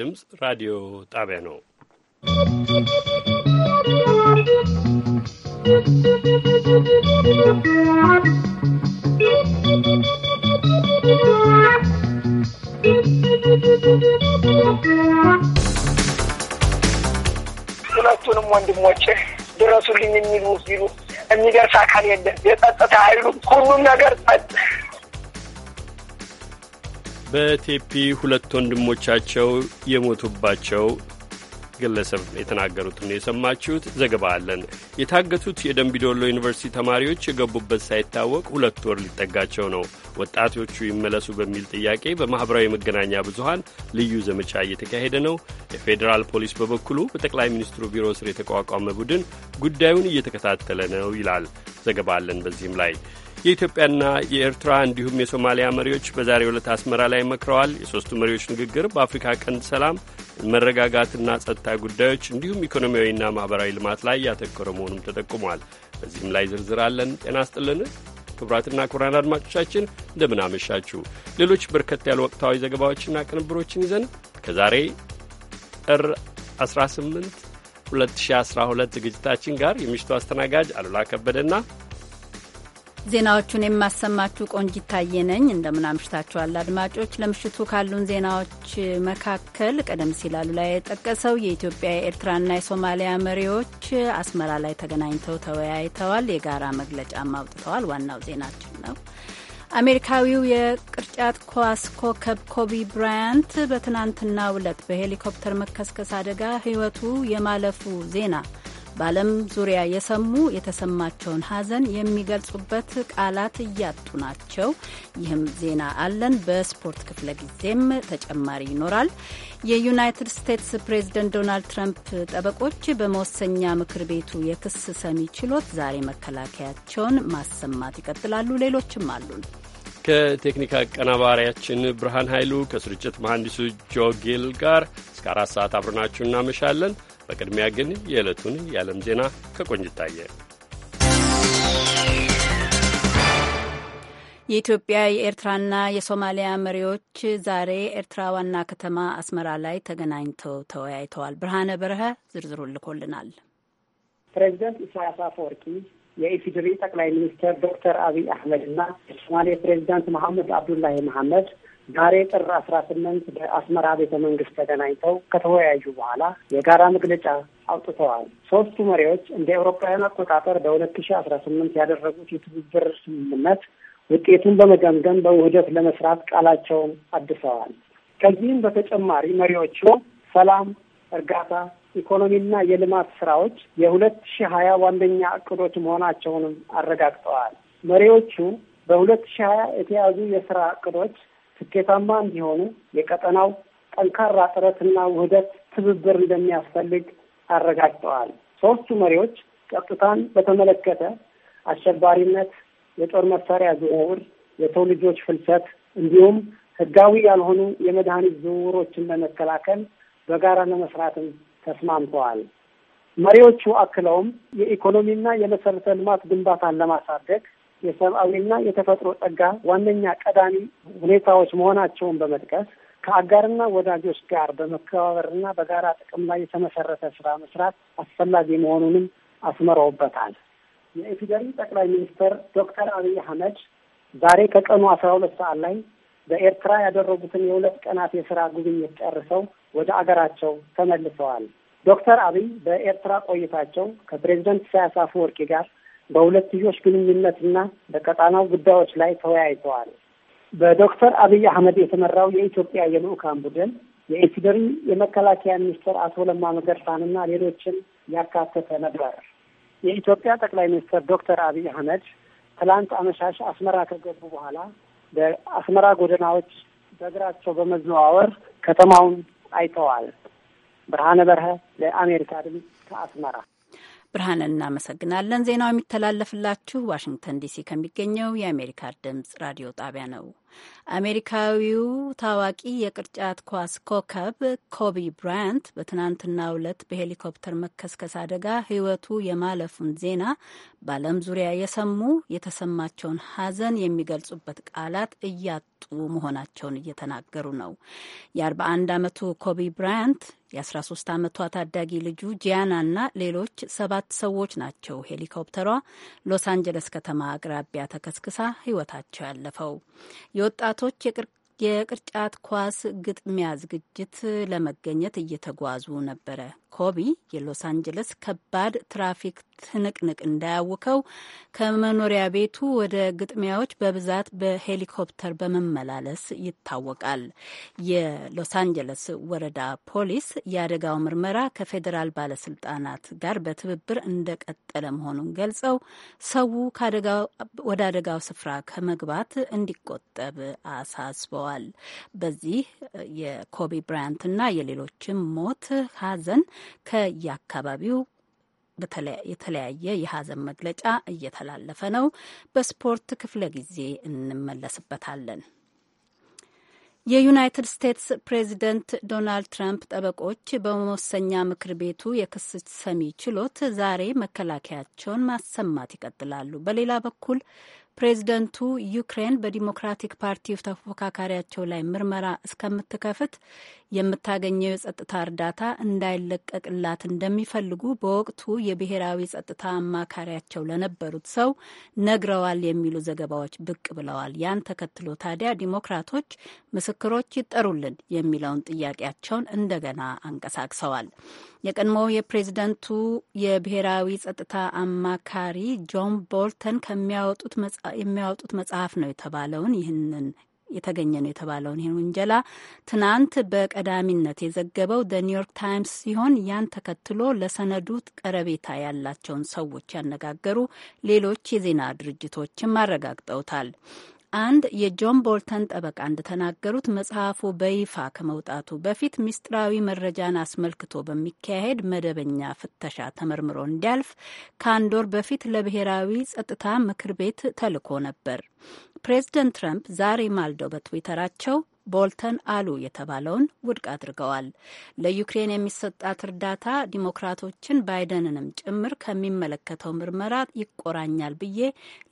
ድምፅ ራዲዮ ጣቢያ ነው። ሁለቱንም ወንድሞቼ ድረሱልኝ የሚሉ ቢሉ የሚደርስ አካል የለም። የጸጥታ ኃይሉ ሁሉም ነገር በቴፒ ሁለት ወንድሞቻቸው የሞቱባቸው ግለሰብ የተናገሩትን የሰማችሁት ዘገባ አለን። የታገቱት የደንቢዶሎ ዩኒቨርሲቲ ተማሪዎች የገቡበት ሳይታወቅ ሁለት ወር ሊጠጋቸው ነው። ወጣቶቹ ይመለሱ በሚል ጥያቄ በማኅበራዊ መገናኛ ብዙሃን ልዩ ዘመቻ እየተካሄደ ነው። የፌዴራል ፖሊስ በበኩሉ በጠቅላይ ሚኒስትሩ ቢሮ ስር የተቋቋመ ቡድን ጉዳዩን እየተከታተለ ነው ይላል። ዘገባ አለን በዚህም ላይ የኢትዮጵያና የኤርትራ እንዲሁም የሶማሊያ መሪዎች በዛሬው ዕለት አስመራ ላይ መክረዋል። የሶስቱ መሪዎች ንግግር በአፍሪካ ቀንድ ሰላም፣ መረጋጋትና ጸጥታ ጉዳዮች እንዲሁም ኢኮኖሚያዊና ማህበራዊ ልማት ላይ ያተኮረ መሆኑም ተጠቁሟል። በዚህም ላይ ዝርዝር አለን። ጤና ስጥልን ክቡራትና ክቡራን አድማጮቻችን እንደምን አመሻችሁ። ሌሎች በርከት ያሉ ወቅታዊ ዘገባዎችና ቅንብሮችን ይዘን ከዛሬ ጥር 18 2012 ዝግጅታችን ጋር የምሽቱ አስተናጋጅ አሉላ ከበደና ዜናዎቹን የማሰማችሁ ቆንጂት ታየ ነኝ። እንደምን አምሽታችኋል አድማጮች። ለምሽቱ ካሉን ዜናዎች መካከል ቀደም ሲል ላይ የጠቀሰው የኢትዮጵያ የኤርትራና የሶማሊያ መሪዎች አስመራ ላይ ተገናኝተው ተወያይተዋል፣ የጋራ መግለጫም አውጥተዋል። ዋናው ዜናችን ነው። አሜሪካዊው የቅርጫት ኳስ ኮከብ ኮቢ ብራያንት በትናንትናው ዕለት በሄሊኮፕተር መከስከስ አደጋ ሕይወቱ የማለፉ ዜና በዓለም ዙሪያ የሰሙ የተሰማቸውን ሀዘን የሚገልጹበት ቃላት እያጡ ናቸው። ይህም ዜና አለን። በስፖርት ክፍለ ጊዜም ተጨማሪ ይኖራል። የዩናይትድ ስቴትስ ፕሬዝደንት ዶናልድ ትራምፕ ጠበቆች በመወሰኛ ምክር ቤቱ የክስ ሰሚ ችሎት ዛሬ መከላከያቸውን ማሰማት ይቀጥላሉ። ሌሎችም አሉን። ከቴክኒክ አቀናባሪያችን ብርሃን ኃይሉ ከስርጭት መሐንዲሱ ጆ ጋር እስከ አራት ሰዓት አብረናችሁ እናመሻለን። በቅድሚያ ግን የዕለቱን የዓለም ዜና ከቆንጅታየ የኢትዮጵያ የኤርትራና የሶማሊያ መሪዎች ዛሬ ኤርትራ ዋና ከተማ አስመራ ላይ ተገናኝተው ተወያይተዋል። ብርሃነ በረሀ ዝርዝሩን ልኮልናል። ፕሬዚደንት ኢሳያስ አፈወርቂ የኢፌዴሪ ጠቅላይ ሚኒስትር ዶክተር አብይ አህመድ እና የሶማሌ ፕሬዚዳንት መሐመድ አብዱላሂ መሐመድ ዛሬ ጥር አስራ ስምንት በአስመራ ቤተ መንግስት ተገናኝተው ከተወያዩ በኋላ የጋራ መግለጫ አውጥተዋል። ሶስቱ መሪዎች እንደ አውሮፓውያን አቆጣጠር በሁለት ሺ አስራ ስምንት ያደረጉት የትብብር ስምምነት ውጤቱን በመገምገም በውህደት ለመስራት ቃላቸውን አድሰዋል። ከዚህም በተጨማሪ መሪዎቹ ሰላም፣ እርጋታ፣ ኢኮኖሚና የልማት ስራዎች የሁለት ሺ ሀያ ዋነኛ እቅዶች መሆናቸውንም አረጋግጠዋል። መሪዎቹ በሁለት ሺ ሀያ የተያዙ የስራ እቅዶች ስኬታማ እንዲሆኑ የቀጠናው ጠንካራ ጥረትና ውህደት ትብብር እንደሚያስፈልግ አረጋግጠዋል። ሶስቱ መሪዎች ጸጥታን በተመለከተ አሸባሪነት፣ የጦር መሳሪያ ዝውውር፣ የሰው ልጆች ፍልሰት እንዲሁም ህጋዊ ያልሆኑ የመድኃኒት ዝውውሮችን ለመከላከል በጋራ ለመስራትም ተስማምተዋል። መሪዎቹ አክለውም የኢኮኖሚና የመሰረተ ልማት ግንባታን ለማሳደግ የሰብአዊና የተፈጥሮ ጸጋ ዋነኛ ቀዳሚ ሁኔታዎች መሆናቸውን በመጥቀስ ከአጋርና ወዳጆች ጋር በመከባበርና በጋራ ጥቅም ላይ የተመሰረተ ስራ መስራት አስፈላጊ መሆኑንም አስምረውበታል። የኢፌዴሪ ጠቅላይ ሚኒስትር ዶክተር አብይ አህመድ ዛሬ ከቀኑ አስራ ሁለት ሰዓት ላይ በኤርትራ ያደረጉትን የሁለት ቀናት የስራ ጉብኝት ጨርሰው ወደ አገራቸው ተመልሰዋል። ዶክተር አብይ በኤርትራ ቆይታቸው ከፕሬዚደንት ኢሳያስ አፈወርቂ ጋር በሁለትዮሽ ግንኙነትና በቀጣናው ጉዳዮች ላይ ተወያይተዋል። በዶክተር አብይ አህመድ የተመራው የኢትዮጵያ የልዑካን ቡድን የኢፌዴሪ የመከላከያ ሚኒስትር አቶ ለማ መገርሳንና ሌሎችን ያካተተ ነበር። የኢትዮጵያ ጠቅላይ ሚኒስትር ዶክተር አብይ አህመድ ትላንት አመሻሽ አስመራ ከገቡ በኋላ በአስመራ ጎደናዎች በእግራቸው በመዘዋወር ከተማውን አይተዋል። ብርሃነ በርሀ ለአሜሪካ ድምፅ ከአስመራ ብርሃን እናመሰግናለን። ዜናው የሚተላለፍላችሁ ዋሽንግተን ዲሲ ከሚገኘው የአሜሪካ ድምፅ ራዲዮ ጣቢያ ነው። አሜሪካዊው ታዋቂ የቅርጫት ኳስ ኮከብ ኮቢ ብራያንት በትናንትናው ዕለት በሄሊኮፕተር መከስከስ አደጋ ሕይወቱ የማለፉን ዜና በዓለም ዙሪያ የሰሙ የተሰማቸውን ሐዘን የሚገልጹበት ቃላት እያጡ መሆናቸውን እየተናገሩ ነው። የ41 ዓመቱ ኮቢ ብራያንት የ13 ዓመቷ ታዳጊ ልጁ ጂያና እና ሌሎች ሰባት ሰዎች ናቸው ሄሊኮፕተሯ ሎስ አንጀለስ ከተማ አቅራቢያ ተከስክሳ ሕይወታቸው ያለፈው። የወጣቶች የቅርጫት ኳስ ግጥሚያ ዝግጅት ለመገኘት እየተጓዙ ነበረ። ኮቢ የሎስ አንጀለስ ከባድ ትራፊክ ትንቅንቅ እንዳያውከው ከመኖሪያ ቤቱ ወደ ግጥሚያዎች በብዛት በሄሊኮፕተር በመመላለስ ይታወቃል። የሎስ አንጀለስ ወረዳ ፖሊስ የአደጋው ምርመራ ከፌዴራል ባለስልጣናት ጋር በትብብር እንደቀጠለ መሆኑን ገልጸው ሰው ወደ አደጋው ስፍራ ከመግባት እንዲቆጠብ አሳስበዋል። በዚህ የኮቢ ብራያንትና የሌሎችም ሞት ሀዘን ከየአካባቢው የተለያየ የሀዘን መግለጫ እየተላለፈ ነው። በስፖርት ክፍለ ጊዜ እንመለስበታለን። የዩናይትድ ስቴትስ ፕሬዚደንት ዶናልድ ትራምፕ ጠበቆች በመወሰኛ ምክር ቤቱ የክስ ሰሚ ችሎት ዛሬ መከላከያቸውን ማሰማት ይቀጥላሉ። በሌላ በኩል ፕሬዚደንቱ ዩክሬን በዲሞክራቲክ ፓርቲ ተፎካካሪያቸው ላይ ምርመራ እስከምትከፍት የምታገኘው የጸጥታ እርዳታ እንዳይለቀቅላት እንደሚፈልጉ በወቅቱ የብሔራዊ ጸጥታ አማካሪያቸው ለነበሩት ሰው ነግረዋል የሚሉ ዘገባዎች ብቅ ብለዋል። ያን ተከትሎ ታዲያ ዲሞክራቶች ምስክሮች ይጠሩልን የሚለውን ጥያቄያቸውን እንደገና አንቀሳቅሰዋል። የቀድሞ የፕሬዝደንቱ የብሔራዊ ጸጥታ አማካሪ ጆን ቦልተን የሚያወጡት መጽሐፍ ነው የተባለውን ይህንን የተገኘ ነው የተባለውን ይህን ውንጀላ ትናንት በቀዳሚነት የዘገበው ደ ኒውዮርክ ታይምስ ሲሆን ያን ተከትሎ ለሰነዱ ቀረቤታ ያላቸውን ሰዎች ያነጋገሩ ሌሎች የዜና ድርጅቶችም አረጋግጠውታል። አንድ የጆን ቦልተን ጠበቃ እንደተናገሩት መጽሐፉ በይፋ ከመውጣቱ በፊት ምስጢራዊ መረጃን አስመልክቶ በሚካሄድ መደበኛ ፍተሻ ተመርምሮ እንዲያልፍ ከአንድ ወር በፊት ለብሔራዊ ጸጥታ ምክር ቤት ተልኮ ነበር። ፕሬዝደንት ትራምፕ ዛሬ ማልደው በትዊተራቸው ቦልተን አሉ የተባለውን ውድቅ አድርገዋል። ለዩክሬን የሚሰጣት እርዳታ ዲሞክራቶችን ባይደንንም ጭምር ከሚመለከተው ምርመራ ይቆራኛል ብዬ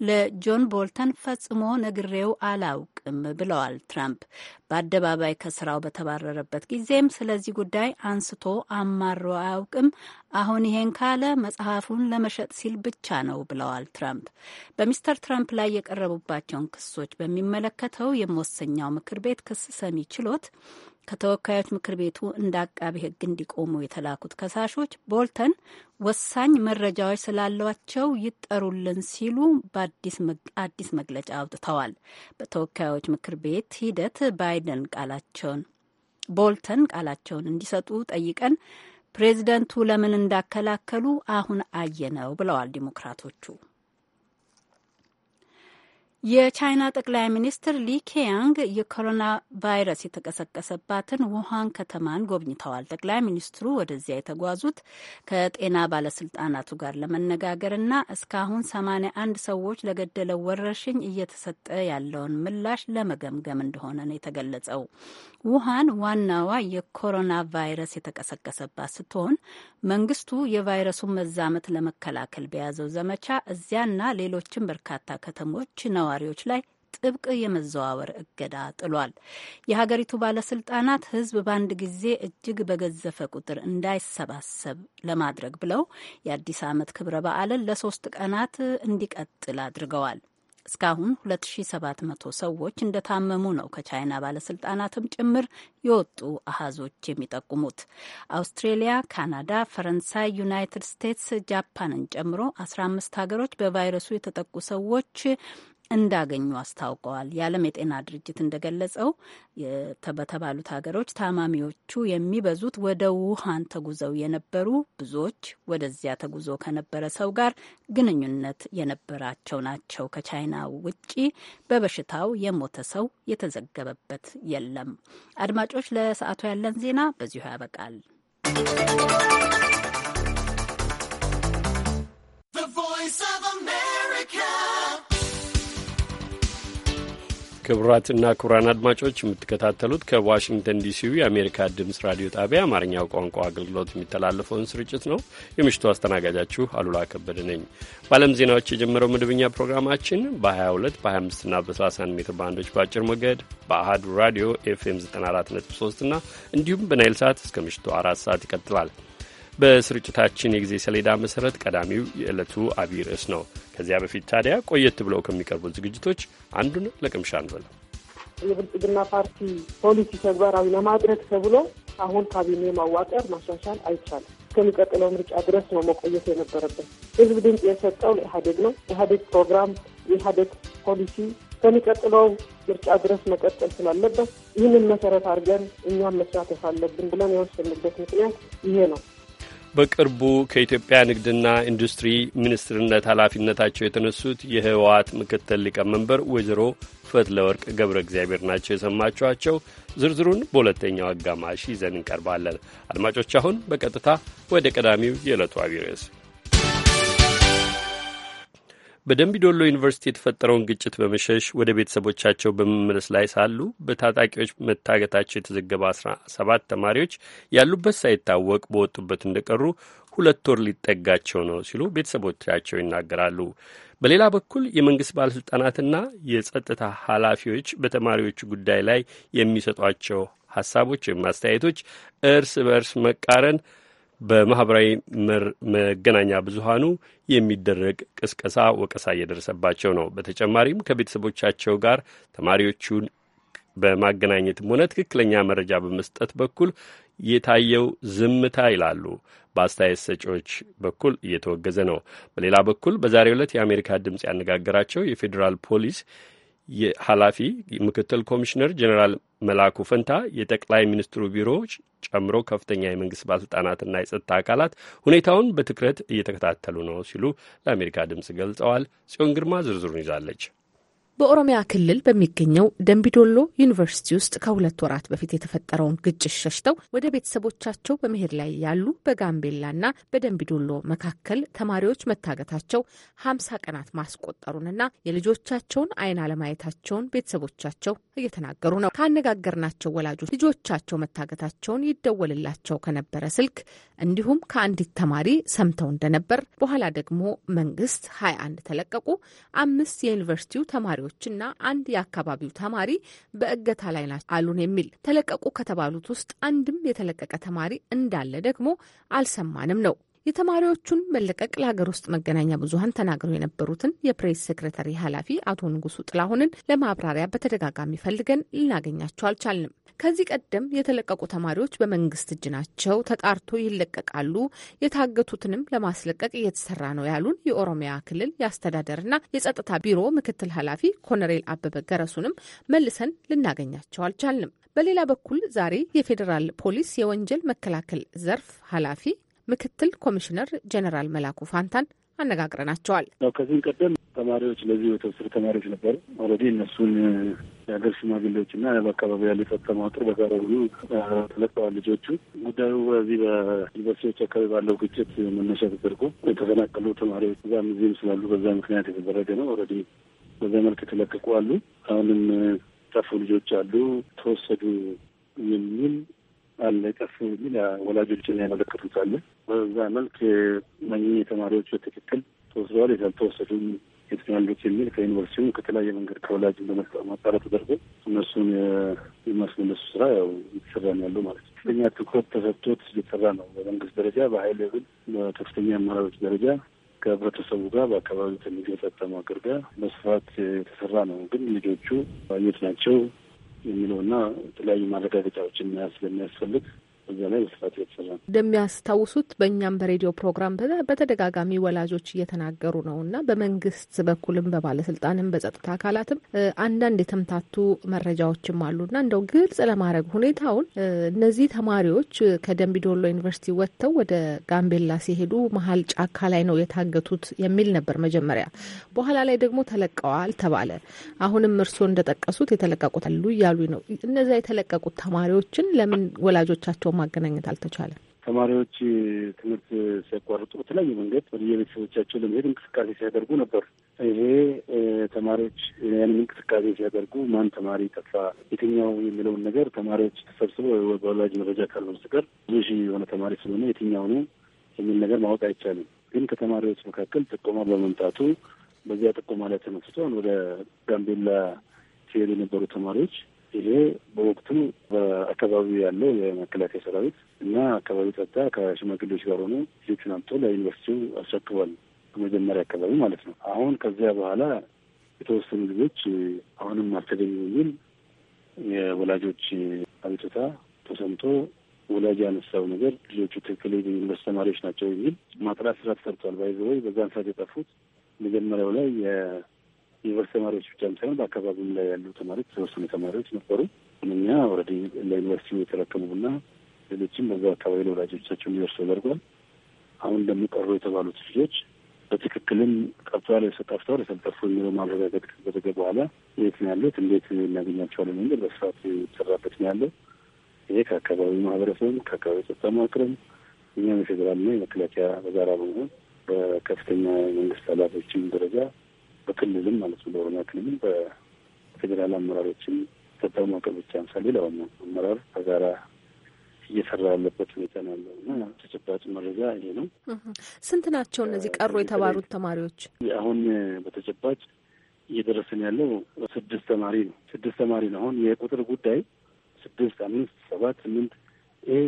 ለጆን ቦልተን ፈጽሞ ነግሬው አላውቅም ብለዋል ትራምፕ በአደባባይ ከስራው በተባረረበት ጊዜም ስለዚህ ጉዳይ አንስቶ አማሮ አያውቅም። አሁን ይሄን ካለ መጽሐፉን ለመሸጥ ሲል ብቻ ነው ብለዋል ትራምፕ። በሚስተር ትራምፕ ላይ የቀረቡባቸውን ክሶች በሚመለከተው የመወሰኛው ምክር ቤት ክስ ሰሚ ችሎት ከተወካዮች ምክር ቤቱ እንደ አቃቤ ሕግ እንዲቆሙ የተላኩት ከሳሾች ቦልተን ወሳኝ መረጃዎች ስላሏቸው ይጠሩልን ሲሉ በአዲስ መግለጫ አውጥተዋል። በተወካዮች ምክር ቤት ሂደት ባይደን ቃላቸውን ቦልተን ቃላቸውን እንዲሰጡ ጠይቀን ፕሬዚደንቱ ለምን እንዳከላከሉ አሁን አየነው ብለዋል ዲሞክራቶቹ። የቻይና ጠቅላይ ሚኒስትር ሊ ኬያንግ የኮሮና ቫይረስ የተቀሰቀሰባትን ውሃን ከተማን ጎብኝተዋል። ጠቅላይ ሚኒስትሩ ወደዚያ የተጓዙት ከጤና ባለስልጣናቱ ጋር ለመነጋገርና እስካሁን ሰማንያ አንድ ሰዎች ለገደለው ወረርሽኝ እየተሰጠ ያለውን ምላሽ ለመገምገም እንደሆነ ነው የተገለጸው። ውሃን ዋናዋ የኮሮና ቫይረስ የተቀሰቀሰባት ስትሆን መንግስቱ የቫይረሱን መዛመት ለመከላከል በያዘው ዘመቻ እዚያና ሌሎችም በርካታ ከተሞች ነዋሪዎች ላይ ጥብቅ የመዘዋወር እገዳ ጥሏል። የሀገሪቱ ባለስልጣናት ህዝብ በአንድ ጊዜ እጅግ በገዘፈ ቁጥር እንዳይሰባሰብ ለማድረግ ብለው የአዲስ ዓመት ክብረ በዓልን ለሶስት ቀናት እንዲቀጥል አድርገዋል። እስካሁን 2700 ሰዎች እንደታመሙ ነው ከቻይና ባለስልጣናትም ጭምር የወጡ አሃዞች የሚጠቁሙት። አውስትሬሊያ፣ ካናዳ፣ ፈረንሳይ፣ ዩናይትድ ስቴትስ፣ ጃፓንን ጨምሮ 15 ሀገሮች በቫይረሱ የተጠቁ ሰዎች እንዳገኙ አስታውቀዋል። የዓለም የጤና ድርጅት እንደገለጸው በተባሉት ሀገሮች ታማሚዎቹ የሚበዙት ወደ ውሃን ተጉዘው የነበሩ ብዙዎች ወደዚያ ተጉዞ ከነበረ ሰው ጋር ግንኙነት የነበራቸው ናቸው። ከቻይና ውጪ በበሽታው የሞተ ሰው የተዘገበበት የለም። አድማጮች፣ ለሰዓቱ ያለን ዜና በዚሁ ያበቃል። The voice of America ክቡራትና ክቡራን አድማጮች የምትከታተሉት ከዋሽንግተን ዲሲው የአሜሪካ ድምፅ ራዲዮ ጣቢያ አማርኛው ቋንቋ አገልግሎት የሚተላለፈውን ስርጭት ነው። የምሽቱ አስተናጋጃችሁ አሉላ ከበደ ነኝ። በዓለም ዜናዎች የጀመረው መደበኛ ፕሮግራማችን በ22 በ25ና በ31 ሜትር ባንዶች በአጭር ሞገድ በአህዱ ራዲዮ ኤፍኤም 94.3 እና እንዲሁም በናይል ሰዓት እስከ ምሽቱ አራት ሰዓት ይቀጥላል። በስርጭታችን የጊዜ ሰሌዳ መሰረት ቀዳሚው የዕለቱ አብይ ርዕስ ነው። ከዚያ በፊት ታዲያ ቆየት ብለው ከሚቀርቡት ዝግጅቶች አንዱን ለቅምሻ እንበል። የብልጽግና ፓርቲ ፖሊሲ ተግባራዊ ለማድረግ ተብሎ አሁን ካቢኔ ማዋቀር ማሻሻል አይቻልም። እስከሚቀጥለው ምርጫ ድረስ ነው መቆየት የነበረበት። ህዝብ ድምፅ የሰጠው ለኢህአዴግ ነው። ኢህአዴግ ፕሮግራም፣ የኢህአዴግ ፖሊሲ እስከሚቀጥለው ምርጫ ድረስ መቀጠል ስላለበት ይህንን መሰረት አድርገን እኛም መሳተፍ አለብን ብለን የወሰንበት ምክንያት ይሄ ነው። በቅርቡ ከኢትዮጵያ ንግድና ኢንዱስትሪ ሚኒስትርነት ኃላፊነታቸው የተነሱት የህወሓት ምክትል ሊቀመንበር ወይዘሮ ፈትለወርቅ ገብረ እግዚአብሔር ናቸው የሰማችኋቸው። ዝርዝሩን በሁለተኛው አጋማሽ ይዘን እንቀርባለን። አድማጮች፣ አሁን በቀጥታ ወደ ቀዳሚው የዕለቱ አቢይ ርዕስ በደምቢዶሎ ዩኒቨርሲቲ የተፈጠረውን ግጭት በመሸሽ ወደ ቤተሰቦቻቸው በመመለስ ላይ ሳሉ በታጣቂዎች መታገታቸው የተዘገበ አስራ ሰባት ተማሪዎች ያሉበት ሳይታወቅ በወጡበት እንደቀሩ ሁለት ወር ሊጠጋቸው ነው ሲሉ ቤተሰቦቻቸው ይናገራሉ። በሌላ በኩል የመንግስት ባለሥልጣናትና የጸጥታ ኃላፊዎች በተማሪዎቹ ጉዳይ ላይ የሚሰጧቸው ሀሳቦች ወይም አስተያየቶች እርስ በእርስ መቃረን በማህበራዊ መገናኛ ብዙሃኑ የሚደረግ ቅስቀሳ፣ ወቀሳ እየደረሰባቸው ነው። በተጨማሪም ከቤተሰቦቻቸው ጋር ተማሪዎቹን በማገናኘትም ሆነ ትክክለኛ መረጃ በመስጠት በኩል የታየው ዝምታ ይላሉ በአስተያየት ሰጪዎች በኩል እየተወገዘ ነው። በሌላ በኩል በዛሬው ዕለት የአሜሪካ ድምፅ ያነጋገራቸው የፌዴራል ፖሊስ ኃላፊ ምክትል ኮሚሽነር ጀኔራል መላኩ ፈንታ የጠቅላይ ሚኒስትሩ ቢሮዎች ጨምሮ ከፍተኛ የመንግስት ባለስልጣናትና የጸጥታ አካላት ሁኔታውን በትኩረት እየተከታተሉ ነው ሲሉ ለአሜሪካ ድምፅ ገልጸዋል። ጽዮን ግርማ ዝርዝሩን ይዛለች። በኦሮሚያ ክልል በሚገኘው ደንቢዶሎ ዩኒቨርሲቲ ውስጥ ከሁለት ወራት በፊት የተፈጠረውን ግጭት ሸሽተው ወደ ቤተሰቦቻቸው በመሄድ ላይ ያሉ በጋምቤላና በደንቢዶሎ መካከል ተማሪዎች መታገታቸው ሀምሳ ቀናት ማስቆጠሩንና የልጆቻቸውን ዓይን አለማየታቸውን ቤተሰቦቻቸው እየተናገሩ ነው። ካነጋገርናቸው ወላጆች ልጆቻቸው መታገታቸውን ይደወልላቸው ከነበረ ስልክ እንዲሁም ከአንዲት ተማሪ ሰምተው እንደነበር በኋላ ደግሞ መንግስት ሀያ አንድ ተለቀቁ አምስት የዩኒቨርሲቲው ተማሪዎች ተማሪዎችና አንድ የአካባቢው ተማሪ በእገታ ላይ ናቸው አሉን የሚል ተለቀቁ ከተባሉት ውስጥ አንድም የተለቀቀ ተማሪ እንዳለ ደግሞ አልሰማንም ነው። የተማሪዎቹን መለቀቅ ለሀገር ውስጥ መገናኛ ብዙኃን ተናግረው የነበሩትን የፕሬስ ሴክሬታሪ ኃላፊ አቶ ንጉሱ ጥላሁንን ለማብራሪያ በተደጋጋሚ ፈልገን ልናገኛቸው አልቻልንም። ከዚህ ቀደም የተለቀቁ ተማሪዎች በመንግስት እጅ ናቸው፣ ተጣርቶ ይለቀቃሉ፣ የታገቱትንም ለማስለቀቅ እየተሰራ ነው ያሉን የኦሮሚያ ክልል የአስተዳደርና የጸጥታ ቢሮ ምክትል ኃላፊ ኮነሬል አበበ ገረሱንም መልሰን ልናገኛቸው አልቻልንም። በሌላ በኩል ዛሬ የፌዴራል ፖሊስ የወንጀል መከላከል ዘርፍ ኃላፊ ምክትል ኮሚሽነር ጀነራል መላኩ ፋንታን አነጋግረናቸዋል። ያው ከዚህም ቀደም ተማሪዎች ለዚህ የተወሰዱ ተማሪዎች ነበሩ። ኦልሬዲ እነሱን የሀገር ሽማግሌዎች እና በአካባቢ ያሉ የጸጥታ መዋቅር በጋራ ተለቀዋል። ልጆቹ ጉዳዩ በዚህ በዩኒቨርሲቲዎች አካባቢ ባለው ግጭት መነሻ ተደርጎ የተፈናቀሉ ተማሪዎች እዛም እዚህም ስላሉ በዛ ምክንያት የተደረገ ነው። ኦልሬዲ በዛ መልክ የተለቀቁ አሉ። አሁንም ጠፉ ልጆች አሉ ተወሰዱ የሚል አለ ጠፍ የሚል ወላጆችን ያመለከቱት አለ። በዛ መልክ መኝ ተማሪዎች በትክክል ተወስደዋል፣ ያልተወሰዱም የት የሚል ከዩኒቨርሲቲውም ከተለያየ መንገድ ከወላጅ በማጣራት ተደርጎ እነሱን የማስመለሱ ስራ ያው እየተሰራ ነው ያለው ማለት ነው። ከፍተኛ ትኩረት ተሰጥቶት እየተሰራ ነው በመንግስት ደረጃ በሀይል ብል በከፍተኛ አመራሮች ደረጃ ከህብረተሰቡ ጋር በአካባቢ ከሚገጸጠሙ አገር ጋር በስፋት የተሰራ ነው። ግን ልጆቹ የት ናቸው የሚለውና የተለያዩ ማረጋገጫዎችን መያዝ ስለሚያስፈልግ እዚያ ላይ በስፋት እየተሰራ ነው። እንደሚያስታውሱት በእኛም በሬዲዮ ፕሮግራም በተደጋጋሚ ወላጆች እየተናገሩ ነው እና በመንግስት በኩልም በባለስልጣንም በጸጥታ አካላትም አንዳንድ የተምታቱ መረጃዎችም አሉና እንደው ግልጽ ለማድረግ ሁኔታውን እነዚህ ተማሪዎች ዶሎ ዩኒቨርሲቲ ወጥተው ወደ ጋምቤላ ሲሄዱ መሀል ጫካ ላይ ነው የታገቱት የሚል ነበር መጀመሪያ። በኋላ ላይ ደግሞ ተለቀዋል ተባለ። አሁንም እርስዎ እንደጠቀሱት የተለቀቁት አሉ እያሉ ነው። እነዚያ የተለቀቁት ተማሪዎችን ለምን ወላጆቻቸው ማገናኘት አልተቻለም። ተማሪዎች ትምህርት ሲያቋርጡ በተለያየ መንገድ ወደ የቤተሰቦቻቸው ለመሄድ እንቅስቃሴ ሲያደርጉ ነበር። ይሄ ተማሪዎች ያንን እንቅስቃሴ ሲያደርጉ ማን ተማሪ ጠፋ፣ የትኛው የሚለውን ነገር ተማሪዎች ተሰብስበው በወላጅ መረጃ ካልሆነ በስተቀር ብዙ ሺህ የሆነ ተማሪ ስለሆነ የትኛው ነው የሚል ነገር ማወቅ አይቻልም። ግን ከተማሪዎች መካከል ጥቆማ በመምጣቱ በዚያ ጥቆማ ላይ ተመስርተን ወደ ጋምቤላ ሲሄዱ የነበሩ ተማሪዎች ይሄ በወቅቱ በአካባቢው ያለው የመከላከያ ሰራዊት እና አካባቢ ጸጥታ ከሽማግሌዎች ጋር ሆኖ ልጆቹን አምጦ ለዩኒቨርሲቲው አስረክቧል። መጀመሪያ አካባቢ ማለት ነው። አሁን ከዚያ በኋላ የተወሰኑ ልጆች አሁንም አልተገኙ የሚል የወላጆች አቤቱታ ተሰምቶ ወላጅ ያነሳው ነገር ልጆቹ ትክክል ዩኒቨርስቲ ተማሪዎች ናቸው የሚል ማጥራት ስራ ተሰርቷል። ባይዘወይ ወይ በዛን ሰዓት የጠፉት መጀመሪያው ላይ ዩኒቨርስቲ ተማሪዎች ብቻም ሳይሆን በአካባቢም ላይ ያሉ ተማሪዎች የተወሰኑ ተማሪዎች ነበሩ። እኛ ኦልሬዲ ለዩኒቨርሲቲው የተረከሙና ሌሎችም በዛ አካባቢ ለወላጆቻቸው እንዲደርሱ ተደርጓል። አሁን እንደሚቀሩ የተባሉት ልጆች በትክክልም ቀብተዋል፣ ተጠፍተዋል፣ የሰልጠፉ የሚለው ማረጋገጥ ከተደረገ በኋላ የት ነው ያሉት፣ እንዴት እናገኛቸዋለን የሚል በስፋት የተሰራበት ነው ያለው። ይሄ ከአካባቢ ማህበረሰብም ከአካባቢ ጸጥታ መዋቅርም እኛም የፌዴራልና የመከላከያ በጋራ በመሆን በከፍተኛ የመንግስት ኃላፊዎችም ደረጃ በክልልም ማለት ነው በኦሮሚያ ክልልም በፌዴራል አመራሮችም ገባ ማቀብ ብቻ ምሳሌ ለሆነ አመራር በጋራ እየሰራ ያለበት ሁኔታ ነው ያለው እና ተጨባጭ መረጃ ይሄ ነው። ስንት ናቸው እነዚህ ቀሩ የተባሩት ተማሪዎች? አሁን በተጨባጭ እየደረሰን ያለው ስድስት ተማሪ ነው። ስድስት ተማሪ ነው። አሁን የቁጥር ጉዳይ ስድስት፣ አምስት፣ ሰባት፣ ስምንት ይሄ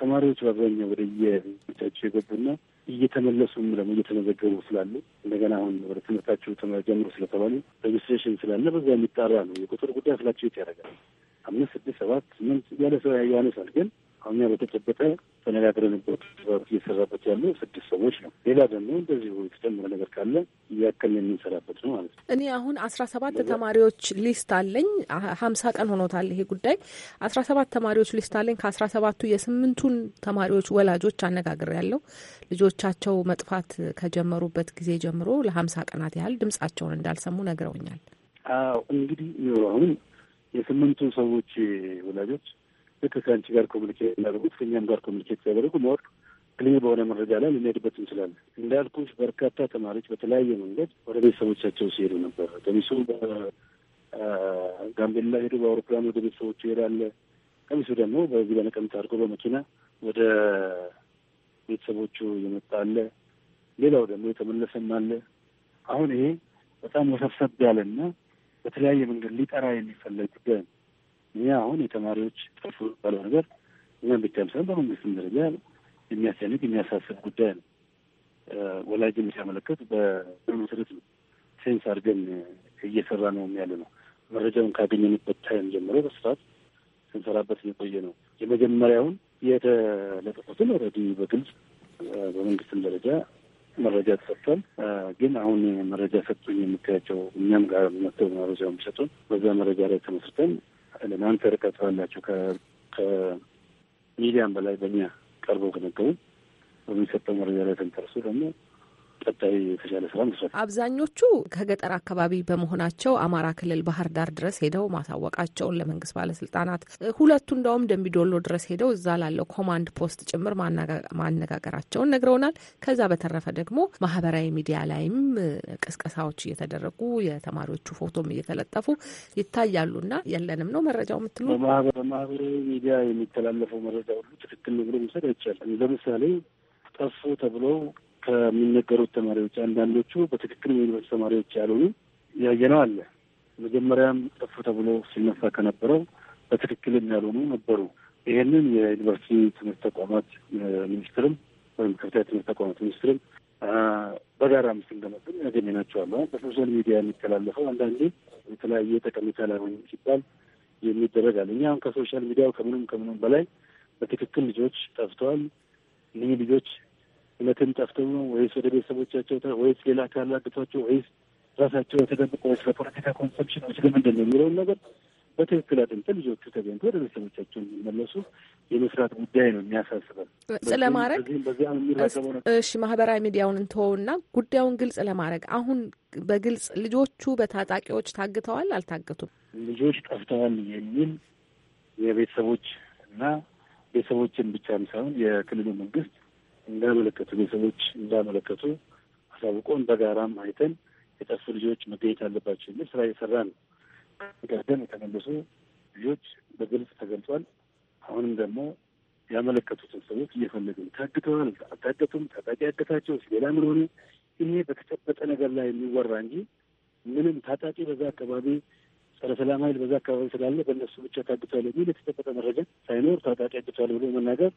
ተማሪዎች በአብዛኛው ወደ የቻቸው የገቡና እየተመለሱም ደግሞ እየተመዘገቡ ስላሉ እንደገና አሁን ወደ ትምህርታቸው ጀምሮ ስለተባሉ ሬጅስትሬሽን ስላለ በዛ የሚጣራ ነው። የቁጥር ጉዳይ ስላቸው ፍላክቹዌት ያደርጋል። አምስት ስድስት ሰባት ስምንት ያለ ሰው ያነሳል ግን አሁን በተጨበጠ ተነጋግረንበት እየሰራበት ያሉ ስድስት ሰዎች ነው። ሌላ ደግሞ እንደዚሁ የተጨመረ ነገር ካለ እያከልን የምንሰራበት ነው ማለት ነው። እኔ አሁን አስራ ሰባት ተማሪዎች ሊስት አለኝ። ሀምሳ ቀን ሆኖታል ይሄ ጉዳይ። አስራ ሰባት ተማሪዎች ሊስት አለኝ። ከአስራ ሰባቱ የስምንቱን ተማሪዎች ወላጆች ያለው ልጆቻቸው መጥፋት ከጀመሩበት ጊዜ ጀምሮ ለሀምሳ ቀናት ያህል ድምጻቸውን እንዳልሰሙ ነግረውኛል። አዎ እንግዲህ አሁን የስምንቱ ሰዎች ወላጆች ልክ ከአንቺ ጋር ኮሚኒኬት ያደርጉት ከእኛም ጋር ኮሚኒኬት ሲያደርጉ ሞር ክሊር በሆነ መረጃ ላይ ልንሄድበት እንችላለን። እንዳልኩሽ በርካታ ተማሪዎች በተለያየ መንገድ ወደ ቤተሰቦቻቸው ሲሄዱ ነበር። ቀሚሱ በጋምቤላ ሄዱ፣ በአውሮፕላን ወደ ቤተሰቦቹ ይሄዳለ። ቀሚሱ ደግሞ በዚህ በነቀምት አድርጎ በመኪና ወደ ቤተሰቦቹ የመጣ አለ። ሌላው ደግሞ የተመለሰም አለ። አሁን ይሄ በጣም ወሰብሰብ ያለና በተለያየ መንገድ ሊጠራ የሚፈለግ ጉዳይ ነው። ይህ አሁን የተማሪዎች ጠልፎ ባለው ነገር እኛም ብቻም ሳይሆን በመንግስትም ደረጃ የሚያስጨንቅ የሚያሳስብ ጉዳይ ነው። ወላጅም ሲያመለክት በመሰረት ነው ሴንስ አድርገን እየሰራ ነው ያለ ነው። መረጃውን ካገኘንበት ታይም ጀምሮ በስፋት ስንሰራበት የቆየ ነው። የመጀመሪያውን የተለጠፉትን ኦልሬዲ በግልጽ በመንግስትም ደረጃ መረጃ ተሰጥቷል። ግን አሁን መረጃ ሰጡኝ የምታያቸው እኛም ጋር መተው መረጃ የሚሰጡን በዛ መረጃ ላይ ተመስርተን ለእናንተ ርቀት ባላቸው ከሚዲያም በላይ በእኛ ቀርበው ከመገቡ በሚሰጠው መረጃ ላይ ተንተርሱ ደግሞ ቀጣይ የተሻለ ስራ መስራት። አብዛኞቹ ከገጠር አካባቢ በመሆናቸው አማራ ክልል ባህር ዳር ድረስ ሄደው ማሳወቃቸውን ለመንግስት ባለስልጣናት፣ ሁለቱ እንዳውም ደምቢዶሎ ድረስ ሄደው እዛ ላለው ኮማንድ ፖስት ጭምር ማነጋገራቸውን ነግረውናል። ከዛ በተረፈ ደግሞ ማህበራዊ ሚዲያ ላይም ቅስቀሳዎች እየተደረጉ የተማሪዎቹ ፎቶም እየተለጠፉ ይታያሉና የለንም ነው መረጃው የምትሉ በማህበራዊ ሚዲያ የሚተላለፈው መረጃ ሁሉ ትክክል ነው ብሎ መውሰድ አይቻልም። ለምሳሌ ጠፉ ተብለው ከሚነገሩት ተማሪዎች አንዳንዶቹ በትክክል የዩኒቨርሲቲ ተማሪዎች ያልሆኑ ያየነው አለ። መጀመሪያም ጠፉ ተብሎ ሲነሳ ከነበረው በትክክልም ያልሆኑ ነበሩ። ይሄንን የዩኒቨርሲቲ ትምህርት ተቋማት ሚኒስትርም ወይም ከፍተኛ ትምህርት ተቋማት ሚኒስትርም በጋራ ምስል እንደመጥን ያገኘናቸዋል። በሶሻል ሚዲያ የሚተላለፈው አንዳንዴ የተለያየ ጠቀሜታ ላይሆን ሲባል የሚደረግ አለ። እኛ አሁን ከሶሻል ሚዲያው ከምንም ከምንም በላይ በትክክል ልጆች ጠፍተዋል፣ እነዚህ ልጆች እውነትም ጠፍተው ነው ወይስ ወደ ቤተሰቦቻቸው ወይስ ሌላ አካል አግቷቸው ወይስ ራሳቸው ተደብቆ ወይስ ለፖለቲካ ኮንሰፕሽን ወይስ ለምንድን ነው የሚለውን ነገር በትክክል አድምጠ ልጆቹ ተገኝቶ ወደ ቤተሰቦቻቸው የሚመለሱ የመስራት ጉዳይ ነው የሚያሳስበን። ስለማድረግ እሺ፣ ማህበራዊ ሚዲያውን እንተወውና ጉዳዩን ግልጽ ለማድረግ አሁን በግልጽ ልጆቹ በታጣቂዎች ታግተዋል አልታገቱም፣ ልጆች ጠፍተዋል የሚል የቤተሰቦች እና ቤተሰቦችን ብቻም ሳይሆን የክልሉ መንግስት እንዳመለከቱ ቤተሰቦች እንዳመለከቱ አሳውቆ በጋራም አይተን የጠፉ ልጆች መገኘት አለባቸው የሚል ስራ እየሰራ ነው። ቀደም የተመለሱ ልጆች በግልጽ ተገልጿል። አሁንም ደግሞ ያመለከቱትን ሰዎች እየፈለግን ታግተዋል፣ አልታገቱም፣ ታጣቂ ያገታቸው ሌላ ምን ሆነ? ይሄ በተጨበጠ ነገር ላይ የሚወራ እንጂ ምንም ታጣቂ በዛ አካባቢ ጸረ ሰላም ኃይል በዛ አካባቢ ስላለ በእነሱ ብቻ ታግተዋል የሚል የተጨበጠ መረጃ ሳይኖር ታጣቂ አግቷል ብሎ መናገር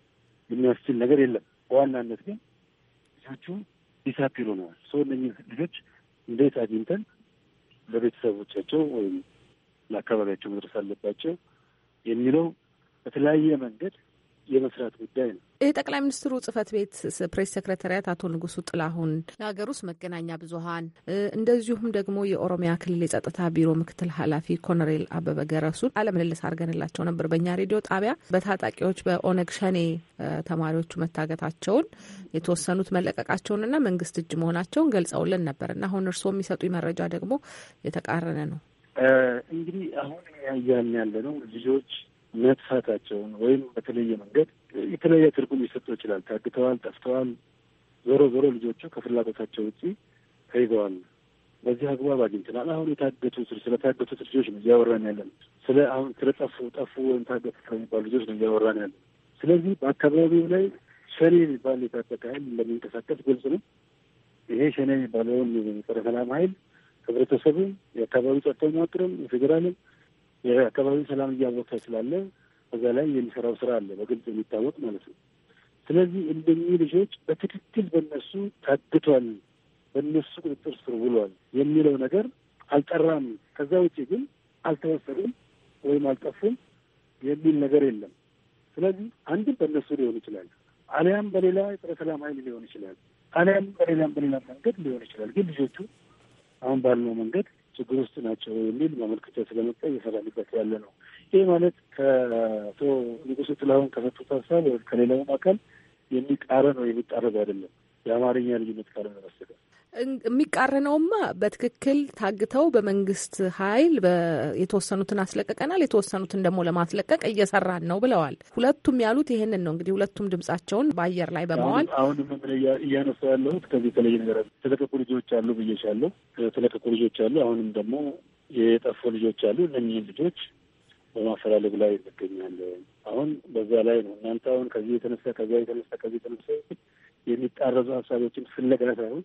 የሚያስችል ነገር የለም። በዋናነት ግን ልጆቹ ዲሳፒር ሆነዋል። ሰው እነኝህ ልጆች እንዴት አግኝተን ለቤተሰቦቻቸው ወይም ለአካባቢያቸው መድረስ አለባቸው የሚለው በተለያየ መንገድ የመስራት ጉዳይ ነው። ጠቅላይ ሚኒስትሩ ጽህፈት ቤት ፕሬስ ሴክሬታሪያት አቶ ንጉሱ ጥላሁን፣ የሀገር ውስጥ መገናኛ ብዙሀን እንደዚሁም ደግሞ የኦሮሚያ ክልል የጸጥታ ቢሮ ምክትል ኃላፊ ኮሎኔል አበበ ገረሱን አለምልልስ አድርገንላቸው ነበር በእኛ ሬዲዮ ጣቢያ በታጣቂዎች በኦነግ ሸኔ ተማሪዎቹ መታገታቸውን የተወሰኑት መለቀቃቸውንና መንግስት እጅ መሆናቸውን ገልጸውልን ነበር እና አሁን እርስዎ የሚሰጡኝ መረጃ ደግሞ የተቃረነ ነው። እንግዲህ አሁን እያልን ያለ ነው ልጆች መጥፋታቸውን ወይም በተለየ መንገድ የተለያየ ትርጉም ሊሰጠው ይችላል። ታግተዋል፣ ጠፍተዋል፣ ዞሮ ዞሮ ልጆቹ ከፍላጎታቸው ውጪ ተይዘዋል። በዚህ አግባብ አግኝተናል። አሁን የታገቱት ስለታገቱት ልጆች ነው እያወራን ያለን። ስለ አሁን ስለ ጠፉ ጠፉ ወይም ታገቱ ከሚባሉ ልጆች ነው እያወራን ያለን። ስለዚህ በአካባቢው ላይ ሸኔ የሚባል የታጠቀ ኃይል እንደሚንቀሳቀስ ግልጽ ነው። ይሄ ሸኔ የሚባለውን ጸረ ሰላም ኃይል ህብረተሰቡም፣ የአካባቢው ጸጥታ መዋቅርም፣ የፌዴራልም የአካባቢ ሰላም እያወካ ስላለ እዛ ላይ የሚሰራው ስራ አለ በግልጽ የሚታወቅ ማለት ነው። ስለዚህ እንደኚህ ልጆች በትክክል በነሱ ታግቷል፣ በነሱ ቁጥጥር ስር ውሏል የሚለው ነገር አልጠራም። ከዛ ውጭ ግን አልተወሰዱም ወይም አልጠፉም የሚል ነገር የለም። ስለዚህ አንድም በእነሱ ሊሆን ይችላል፣ አሊያም በሌላ የጸረ ሰላም ኃይል ሊሆን ይችላል፣ አሊያም በሌላም በሌላ መንገድ ሊሆን ይችላል። ግን ልጆቹ አሁን ባለው መንገድ ችግር ውስጥ ናቸው የሚል ማመልከቻ ስለመጣ እየሰራንበት ያለ ነው። ይህ ማለት ከአቶ ንጉሱ ጥላሁን ከሰጡት ሀሳብ ከሌላውም አካል የሚቃረን ነው የሚጣረብ አይደለም። የአማርኛ ልዩነት ቃል መመስገን የሚቃረነውማ በትክክል ታግተው በመንግስት ኃይል የተወሰኑትን አስለቀቀናል፣ የተወሰኑትን ደግሞ ለማስለቀቅ እየሰራን ነው ብለዋል። ሁለቱም ያሉት ይህንን ነው። እንግዲህ ሁለቱም ድምጻቸውን በአየር ላይ በመዋል አሁን እያነሳ ያለሁት ከዚህ የተለየ ነገር የተለቀቁ ልጆች አሉ ብዬሻለሁ። የተለቀቁ ልጆች አሉ። አሁንም ደግሞ የጠፉ ልጆች አሉ። እነኚህን ልጆች በማፈላለግ ላይ እንገኛለን። አሁን በዛ ላይ ነው። እናንተ አሁን ከዚህ የተነሳ ከዚያ የተነሳ ከዚህ የተነሳ የሚጣረዙ ሀሳቦችን ፍለጋ ሳይሆን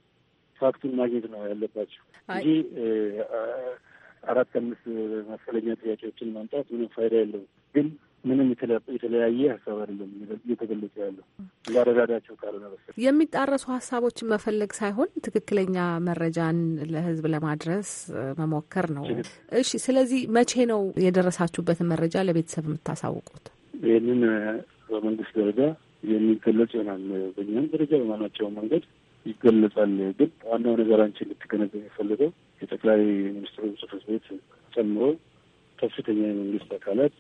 ፋክቱን ማግኘት ነው ያለባቸው እንጂ አራት አምስት መሰለኛ ጥያቄዎችን ማምጣት ምንም ፋይዳ የለውም። ግን ምንም የተለያየ ሀሳብ አይደለም እየተገለጸ ያለው እንዳረዳዳቸው ካልሆነ በስተቀር የሚጣረሱ ሀሳቦችን መፈለግ ሳይሆን ትክክለኛ መረጃን ለህዝብ ለማድረስ መሞከር ነው። እሺ፣ ስለዚህ መቼ ነው የደረሳችሁበትን መረጃ ለቤተሰብ የምታሳውቁት? ይህንን በመንግስት ደረጃ የሚገለጽ ይሆናል። በእኛም ደረጃ በማናቸውም መንገድ ይገለጻል። ግን ዋናው ነገር አንቺ እንድትገነዘብ የሚፈልገው የጠቅላይ ሚኒስትሩ ጽፈት ቤት ጨምሮ ከፍተኛ የመንግስት አካላት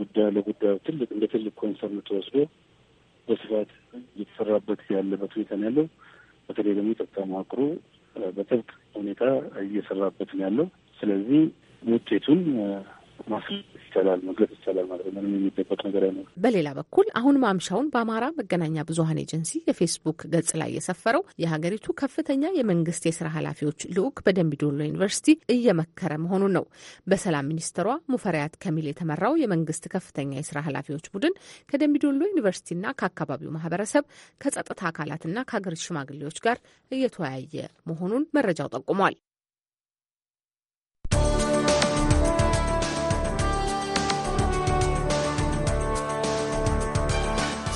ጉዳዩ ለጉዳዩ ትልቅ እንደ ትልቅ ኮንሰርን ተወስዶ በስፋት እየተሰራበት ያለበት ሁኔታ ነው ያለው። በተለይ ደግሞ ጸጥታ መዋቅሩ በጥብቅ ሁኔታ እየሰራበት ነው ያለው። ስለዚህ ውጤቱን ይቻላል፣ መግለጽ ይቻላል ማለት ምንም የሚደበቅ ነገር አይኖርም። በሌላ በኩል አሁን ማምሻውን በአማራ መገናኛ ብዙኃን ኤጀንሲ የፌስቡክ ገጽ ላይ የሰፈረው የሀገሪቱ ከፍተኛ የመንግስት የስራ ኃላፊዎች ልዑክ በደምቢዶሎ ዩኒቨርሲቲ እየመከረ መሆኑን ነው። በሰላም ሚኒስትሯ ሙፈሪያት ከሚል የተመራው የመንግስት ከፍተኛ የስራ ኃላፊዎች ቡድን ከደምቢዶሎ ዩኒቨርሲቲና ከአካባቢው ማህበረሰብ ከጸጥታ አካላትና ከሀገሪቱ ሽማግሌዎች ጋር እየተወያየ መሆኑን መረጃው ጠቁሟል።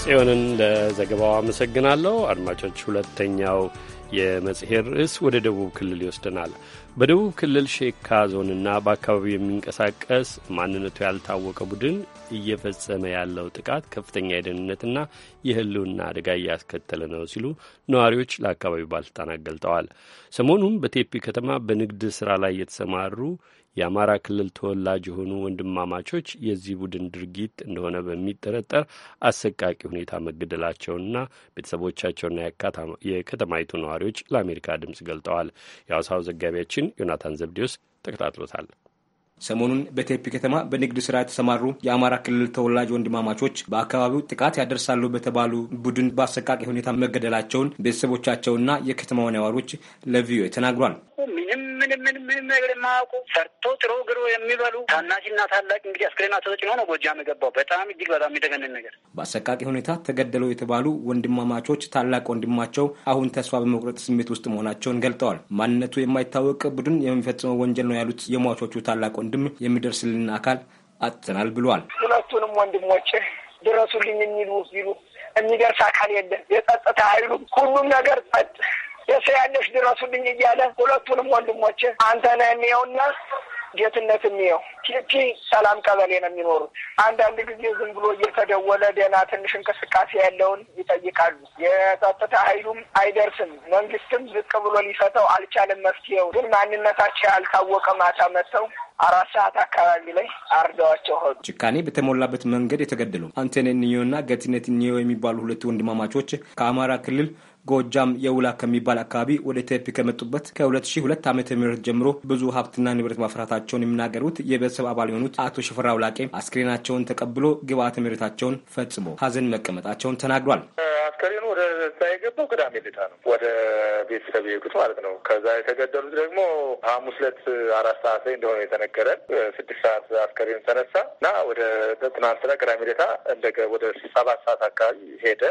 ጽዮንን ለዘገባው አመሰግናለሁ። አድማጮች፣ ሁለተኛው የመጽሔር ርዕስ ወደ ደቡብ ክልል ይወስደናል። በደቡብ ክልል ሼካ ዞንና በአካባቢው የሚንቀሳቀስ ማንነቱ ያልታወቀ ቡድን እየፈጸመ ያለው ጥቃት ከፍተኛ የደህንነትና የሕልውና አደጋ እያስከተለ ነው ሲሉ ነዋሪዎች ለአካባቢው ባለስልጣናት ገልጠዋል። ሰሞኑም በቴፒ ከተማ በንግድ ስራ ላይ የተሰማሩ የአማራ ክልል ተወላጅ የሆኑ ወንድማማቾች የዚህ ቡድን ድርጊት እንደሆነ በሚጠረጠር አሰቃቂ ሁኔታ መገደላቸውንና ቤተሰቦቻቸውና የከተማይቱ ነዋሪዎች ለአሜሪካ ድምጽ ገልጠዋል። የአዋሳው ዘጋቢያችን ዮናታን ዘብዴዎስ ተከታትሎታል። ሰሞኑን በቴፒ ከተማ በንግድ ስራ የተሰማሩ የአማራ ክልል ተወላጅ ወንድማማቾች በአካባቢው ጥቃት ያደርሳሉ በተባሉ ቡድን በአሰቃቂ ሁኔታ መገደላቸውን ቤተሰቦቻቸውና የከተማው ነዋሪዎች ለቪኦኤ ተናግሯል። ምንም ምንም ምንም ነገር የማያውቁ ሰርቶ ጥሮ ግሮ የሚበሉ ታናሽና ታላቅ እንግዲህ አስክሬና ተጭኖ ነው ጎጃም የገባው። በጣም እጅግ በጣም የሚደገንን ነገር። በአሰቃቂ ሁኔታ ተገደለው የተባሉ ወንድማማቾች ታላቅ ወንድማቸው አሁን ተስፋ በመቁረጥ ስሜት ውስጥ መሆናቸውን ገልጠዋል። ማንነቱ የማይታወቅ ቡድን የሚፈጽመው ወንጀል ነው ያሉት የሟቾቹ ታላቅ ወንድ ወንድም የሚደርስልን አካል አጥተናል ብሏል። ሁለቱንም ወንድሞች ድረሱልኝ የሚሉ ቢሉ የሚደርስ አካል የለም። የጸጥታ ኃይሉ ሁሉም ነገር ጸጥ የሰያለሽ ድረሱልኝ እያለ ሁለቱንም ወንድሞች አንተ ነህ የሚየውና ጌትነት የሚየው ቲፒ ሰላም ቀበሌ ነው የሚኖሩት። አንዳንድ ጊዜ ዝም ብሎ እየተደወለ ደህና ትንሽ እንቅስቃሴ ያለውን ይጠይቃሉ። የጸጥታ ኃይሉም አይደርስም፣ መንግስትም ዝቅ ብሎ ሊፈተው አልቻለም። መፍትሄው ግን ማንነታቸው ያልታወቀ ማታ መጥተው አራት ሰዓት አካባቢ ላይ አርደዋቸው ሆኑ። ጭካኔ በተሞላበት መንገድ የተገደሉ አንተነኒዮ እና ገትነት ኒዮ የሚባሉ ሁለት ወንድማማቾች ከአማራ ክልል ጎጃም የውላ ከሚባል አካባቢ ወደ ኢትዮጵያ ከመጡበት ከ2002 ም ጀምሮ ብዙ ሀብትና ንብረት ማፍራታቸውን የሚናገሩት የቤተሰብ አባል የሆኑት አቶ ሽፈራው ላቄ አስክሬናቸውን ተቀብሎ ግብአተ መሬታቸውን ፈጽሞ ሀዘን መቀመጣቸውን ተናግሯል። አስክሬኑ ወደ እዛ የገባው ቅዳሜ ልታ ነው፣ ወደ ቤተሰብ የሄዱት ማለት ነው። ከዛ የተገደሉት ደግሞ ሐሙስ ዕለት አራት ሰዓት ላይ እንደሆነ የተነገረን፣ ስድስት ሰዓት አስክሬኑ ተነሳ እና ወደ ትናንትና ቅዳሜ ዕለት እንደ ወደ ሰባት ሰዓት አካባቢ ሄደ።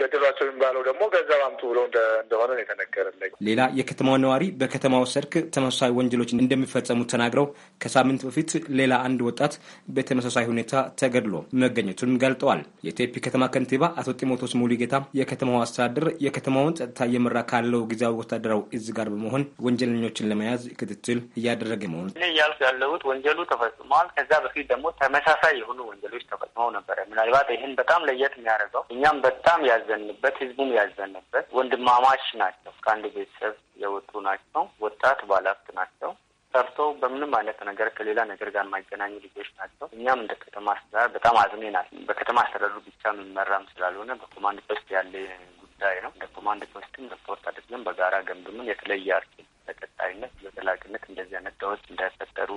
ገደሏቸው የሚባለው ደግሞ ገዛ ገንዘብ አምጡ ብሎ እንደሆነ ነው ሌላ የከተማ ነዋሪ በከተማው ሰርክ ተመሳሳይ ወንጀሎች እንደሚፈጸሙ ተናግረው ከሳምንት በፊት ሌላ አንድ ወጣት በተመሳሳይ ሁኔታ ተገድሎ መገኘቱን ገልጠዋል። የቴፒ ከተማ ከንቲባ አቶ ጢሞቶስ ሙሉጌታ የከተማው አስተዳደር የከተማውን ጸጥታ እየመራ ካለው ጊዜያዊ ወታደራዊ እዝ ጋር በመሆን ወንጀለኞችን ለመያዝ ክትትል እያደረገ መሆኑ እያልኩ ያለሁት ወንጀሉ ተፈጽመዋል። ከዛ በፊት ደግሞ ተመሳሳይ የሆኑ ወንጀሎች ተፈጽመው ነበረ። ምናልባት ይህን በጣም ለየት የሚያደርገው እኛም በጣም ያዘንበት ህዝቡም ያዘንበት የሚገኙበት ወንድማማች ናቸው። ከአንድ ቤተሰብ የወጡ ናቸው። ወጣት ባለሀብት ናቸው። ሰርቶ በምንም አይነት ነገር ከሌላ ነገር ጋር የማይገናኙ ልጆች ናቸው። እኛም እንደ ከተማ አስተዳደር በጣም አዝሜናል። በከተማ አስተዳደሩ ብቻ የምመራም ስላልሆነ በኮማንድ ፖስት ያለ ጉዳይ ነው። እንደ ኮማንድ ፖስትም ሪፖርት አድርገን በጋራ ገንብምን የተለየ አርኪ በቀጣይነት በዘላቂነት እንደዚህ አይነት ዳዎች እንዳይፈጠሩ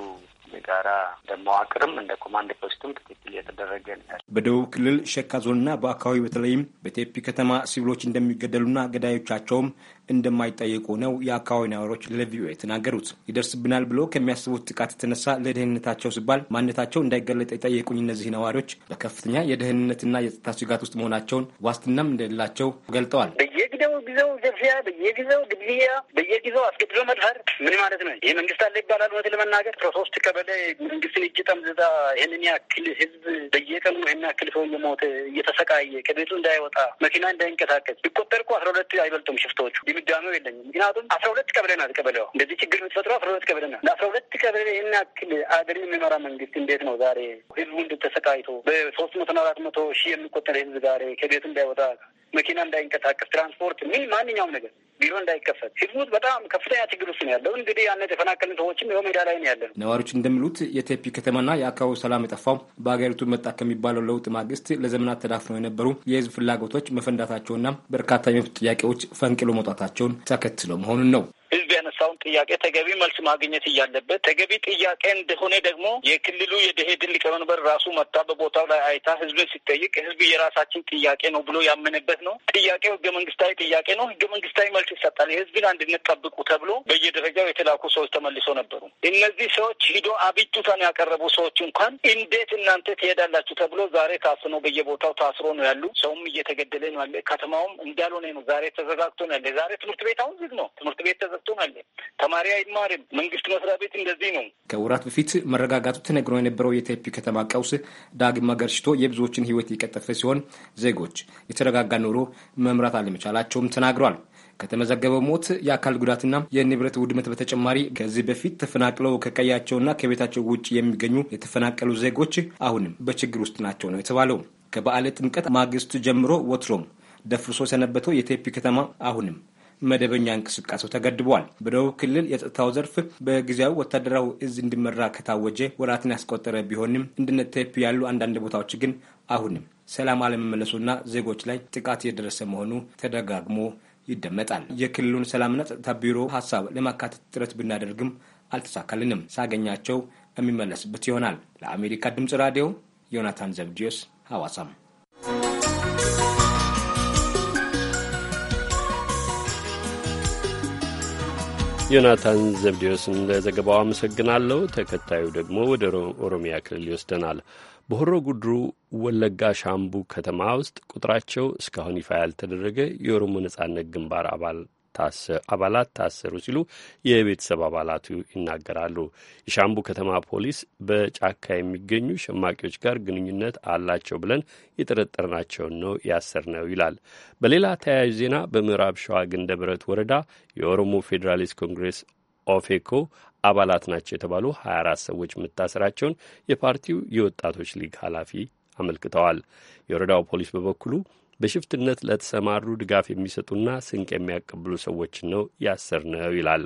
የጋራ መዋቅርም እንደ ኮማንድ ፖስትም ትክክል እየተደረገ ነው። በደቡብ ክልል ሸካ ዞንና በአካባቢ በተለይም በቴፒ ከተማ ሲቪሎች እንደሚገደሉና ገዳዮቻቸውም እንደማይጠየቁ ነው የአካባቢ ነዋሪዎች ለቪኦኤ የተናገሩት። ይደርስብናል ብሎ ከሚያስቡት ጥቃት የተነሳ ለደህንነታቸው ሲባል ማንነታቸው እንዳይገለጥ የጠየቁኝ እነዚህ ነዋሪዎች በከፍተኛ የደህንነትና የጸጥታ ስጋት ውስጥ መሆናቸውን ዋስትናም እንደሌላቸው ገልጠዋል። በየጊዜው ጊዜው ዘርፊያ፣ በየጊዜው ግድያ፣ በየጊዜው አስገድ ይዞ መድፈር ምን ማለት ነው? ይህ መንግስት አለ ይባላል። እውነት ለመናገር ከሶስት ቀበሌ መንግስትን እጅ ጠምዝዛ ይህንን ያክል ህዝብ በየቀኑ ይህን ያክል ሰው እየሞተ እየተሰቃየ ከቤቱ እንዳይወጣ መኪና እንዳይንቀሳቀስ ቢቆጠር እኮ አስራ ሁለት አይበልጡም ሽፍቶቹ። ድምዳሜው የለኝም። ምክንያቱም አስራ ሁለት ቀበሌ ናት ቀበሌዋ። እንደዚህ ችግር የምትፈጥረው አስራ ሁለት ቀበሌ ናት። ለአስራ ሁለት ቀበሌ ይህን ያክል አገር የሚመራ መንግስት እንዴት ነው ዛሬ ህዝቡ እንድተሰቃይቶ በሶስት መቶና አራት መቶ ሺህ የሚቆጠር ህዝብ ዛሬ ከቤቱ እንዳይወጣ መኪና እንዳይንቀሳቀስ ትራንስፖርት ምን ማንኛውም ነገር ቢሮ እንዳይከፈት ህዝቡት በጣም ከፍተኛ ችግር ውስጥ ነው ያለው። እንግዲህ ያነት የተፈናቀልን ሰዎችም ይኸው ሜዳ ላይ ነው ያለ። ነው። ነዋሪዎች እንደሚሉት የቴፒ ከተማና የአካባቢው ሰላም የጠፋው በሀገሪቱ መጣ ከሚባለው ለውጥ ማግስት ለዘመናት ተዳፍነው የነበሩ የህዝብ ፍላጎቶች መፈንዳታቸውና በርካታ የመብት ጥያቄዎች ፈንቅሎ መውጣታቸውን ተከትሎ መሆኑን ነው። ያነሳውን ጥያቄ ተገቢ መልስ ማግኘት እያለበት ተገቢ ጥያቄ እንደሆነ ደግሞ የክልሉ የደኢህዴን ሊቀመንበር ራሱ መታ በቦታው ላይ አይታ ህዝብን ሲጠይቅ ህዝብ የራሳችን ጥያቄ ነው ብሎ ያመነበት ነው። ጥያቄው ህገ መንግስታዊ ጥያቄ ነው። ህገ መንግስታዊ መልስ ይሰጣል። የህዝብን አንድነት ጠብቁ ተብሎ በየደረጃው የተላኩ ሰዎች ተመልሶ ነበሩ። እነዚህ ሰዎች ሂዶ አቤቱታን ያቀረቡ ሰዎች እንኳን እንዴት እናንተ ትሄዳላችሁ ተብሎ ዛሬ ታፍነው በየቦታው ታስሮ ነው ያሉ። ሰውም እየተገደለ ነው ያለ። ከተማውም እንዳልሆነ ነው። ዛሬ ተዘጋግቶ ነው ያለ። ዛሬ ትምህርት ቤት አሁን ዝግ ነው። ትምህርት ቤት ተዘግቶ ነው ያለ። ተማሪ አይማርም። መንግስት መስሪያ ቤት እንደዚህ ነው። ከወራት በፊት መረጋጋቱ ተነግሮ የነበረው የቴፒ ከተማ ቀውስ ዳግም አገርሽቶ የብዙዎችን ህይወት የቀጠፈ ሲሆን ዜጎች የተረጋጋ ኑሮ መምራት አለመቻላቸውም ተናግሯል። ከተመዘገበው ሞት የአካል ጉዳትና የንብረት ውድመት በተጨማሪ ከዚህ በፊት ተፈናቅለው ከቀያቸውና ከቤታቸው ውጭ የሚገኙ የተፈናቀሉ ዜጎች አሁንም በችግር ውስጥ ናቸው ነው የተባለው። ከበዓለ ጥምቀት ማግስቱ ጀምሮ ወትሮም ደፍርሶ ሰነበተው የቴፒ ከተማ አሁንም መደበኛ እንቅስቃሴው ተገድቧል። በደቡብ ክልል የጸጥታው ዘርፍ በጊዜያዊ ወታደራዊ እዝ እንዲመራ ከታወጀ ወራትን ያስቆጠረ ቢሆንም እንድነተፕ ያሉ አንዳንድ ቦታዎች ግን አሁንም ሰላም አለመመለሱና ዜጎች ላይ ጥቃት የደረሰ መሆኑ ተደጋግሞ ይደመጣል። የክልሉን ሰላምና ጸጥታ ቢሮ ሀሳብ ለማካተት ጥረት ብናደርግም አልተሳካልንም። ሳገኛቸው የሚመለስበት ይሆናል። ለአሜሪካ ድምፅ ራዲዮ ዮናታን ዘብዲዮስ ሐዋሳም ዮናታን ዘብዴዎስን ለዘገባው አመሰግናለሁ። ተከታዩ ደግሞ ወደ ኦሮሚያ ክልል ይወስደናል። በሆሮ ጉድሩ ወለጋ ሻምቡ ከተማ ውስጥ ቁጥራቸው እስካሁን ይፋ ያልተደረገ የኦሮሞ ነጻነት ግንባር አባል አባላት ታሰሩ ሲሉ የቤተሰብ አባላቱ ይናገራሉ። የሻምቡ ከተማ ፖሊስ በጫካ የሚገኙ ሸማቂዎች ጋር ግንኙነት አላቸው ብለን የጠረጠርናቸውን ነው ያሰርነው ይላል። በሌላ ተያያዥ ዜና በምዕራብ ሸዋ ብረት ወረዳ የኦሮሞ ፌዴራሊስት ኮንግሬስ ኦፌኮ አባላት ናቸው የተባሉ 24 ሰዎች መታሰራቸውን የፓርቲው የወጣቶች ሊግ ኃላፊ አመልክተዋል። የወረዳው ፖሊስ በበኩሉ በሽፍትነት ለተሰማሩ ድጋፍ የሚሰጡና ስንቅ የሚያቀብሉ ሰዎችን ነው ያሰር ነው ይላል።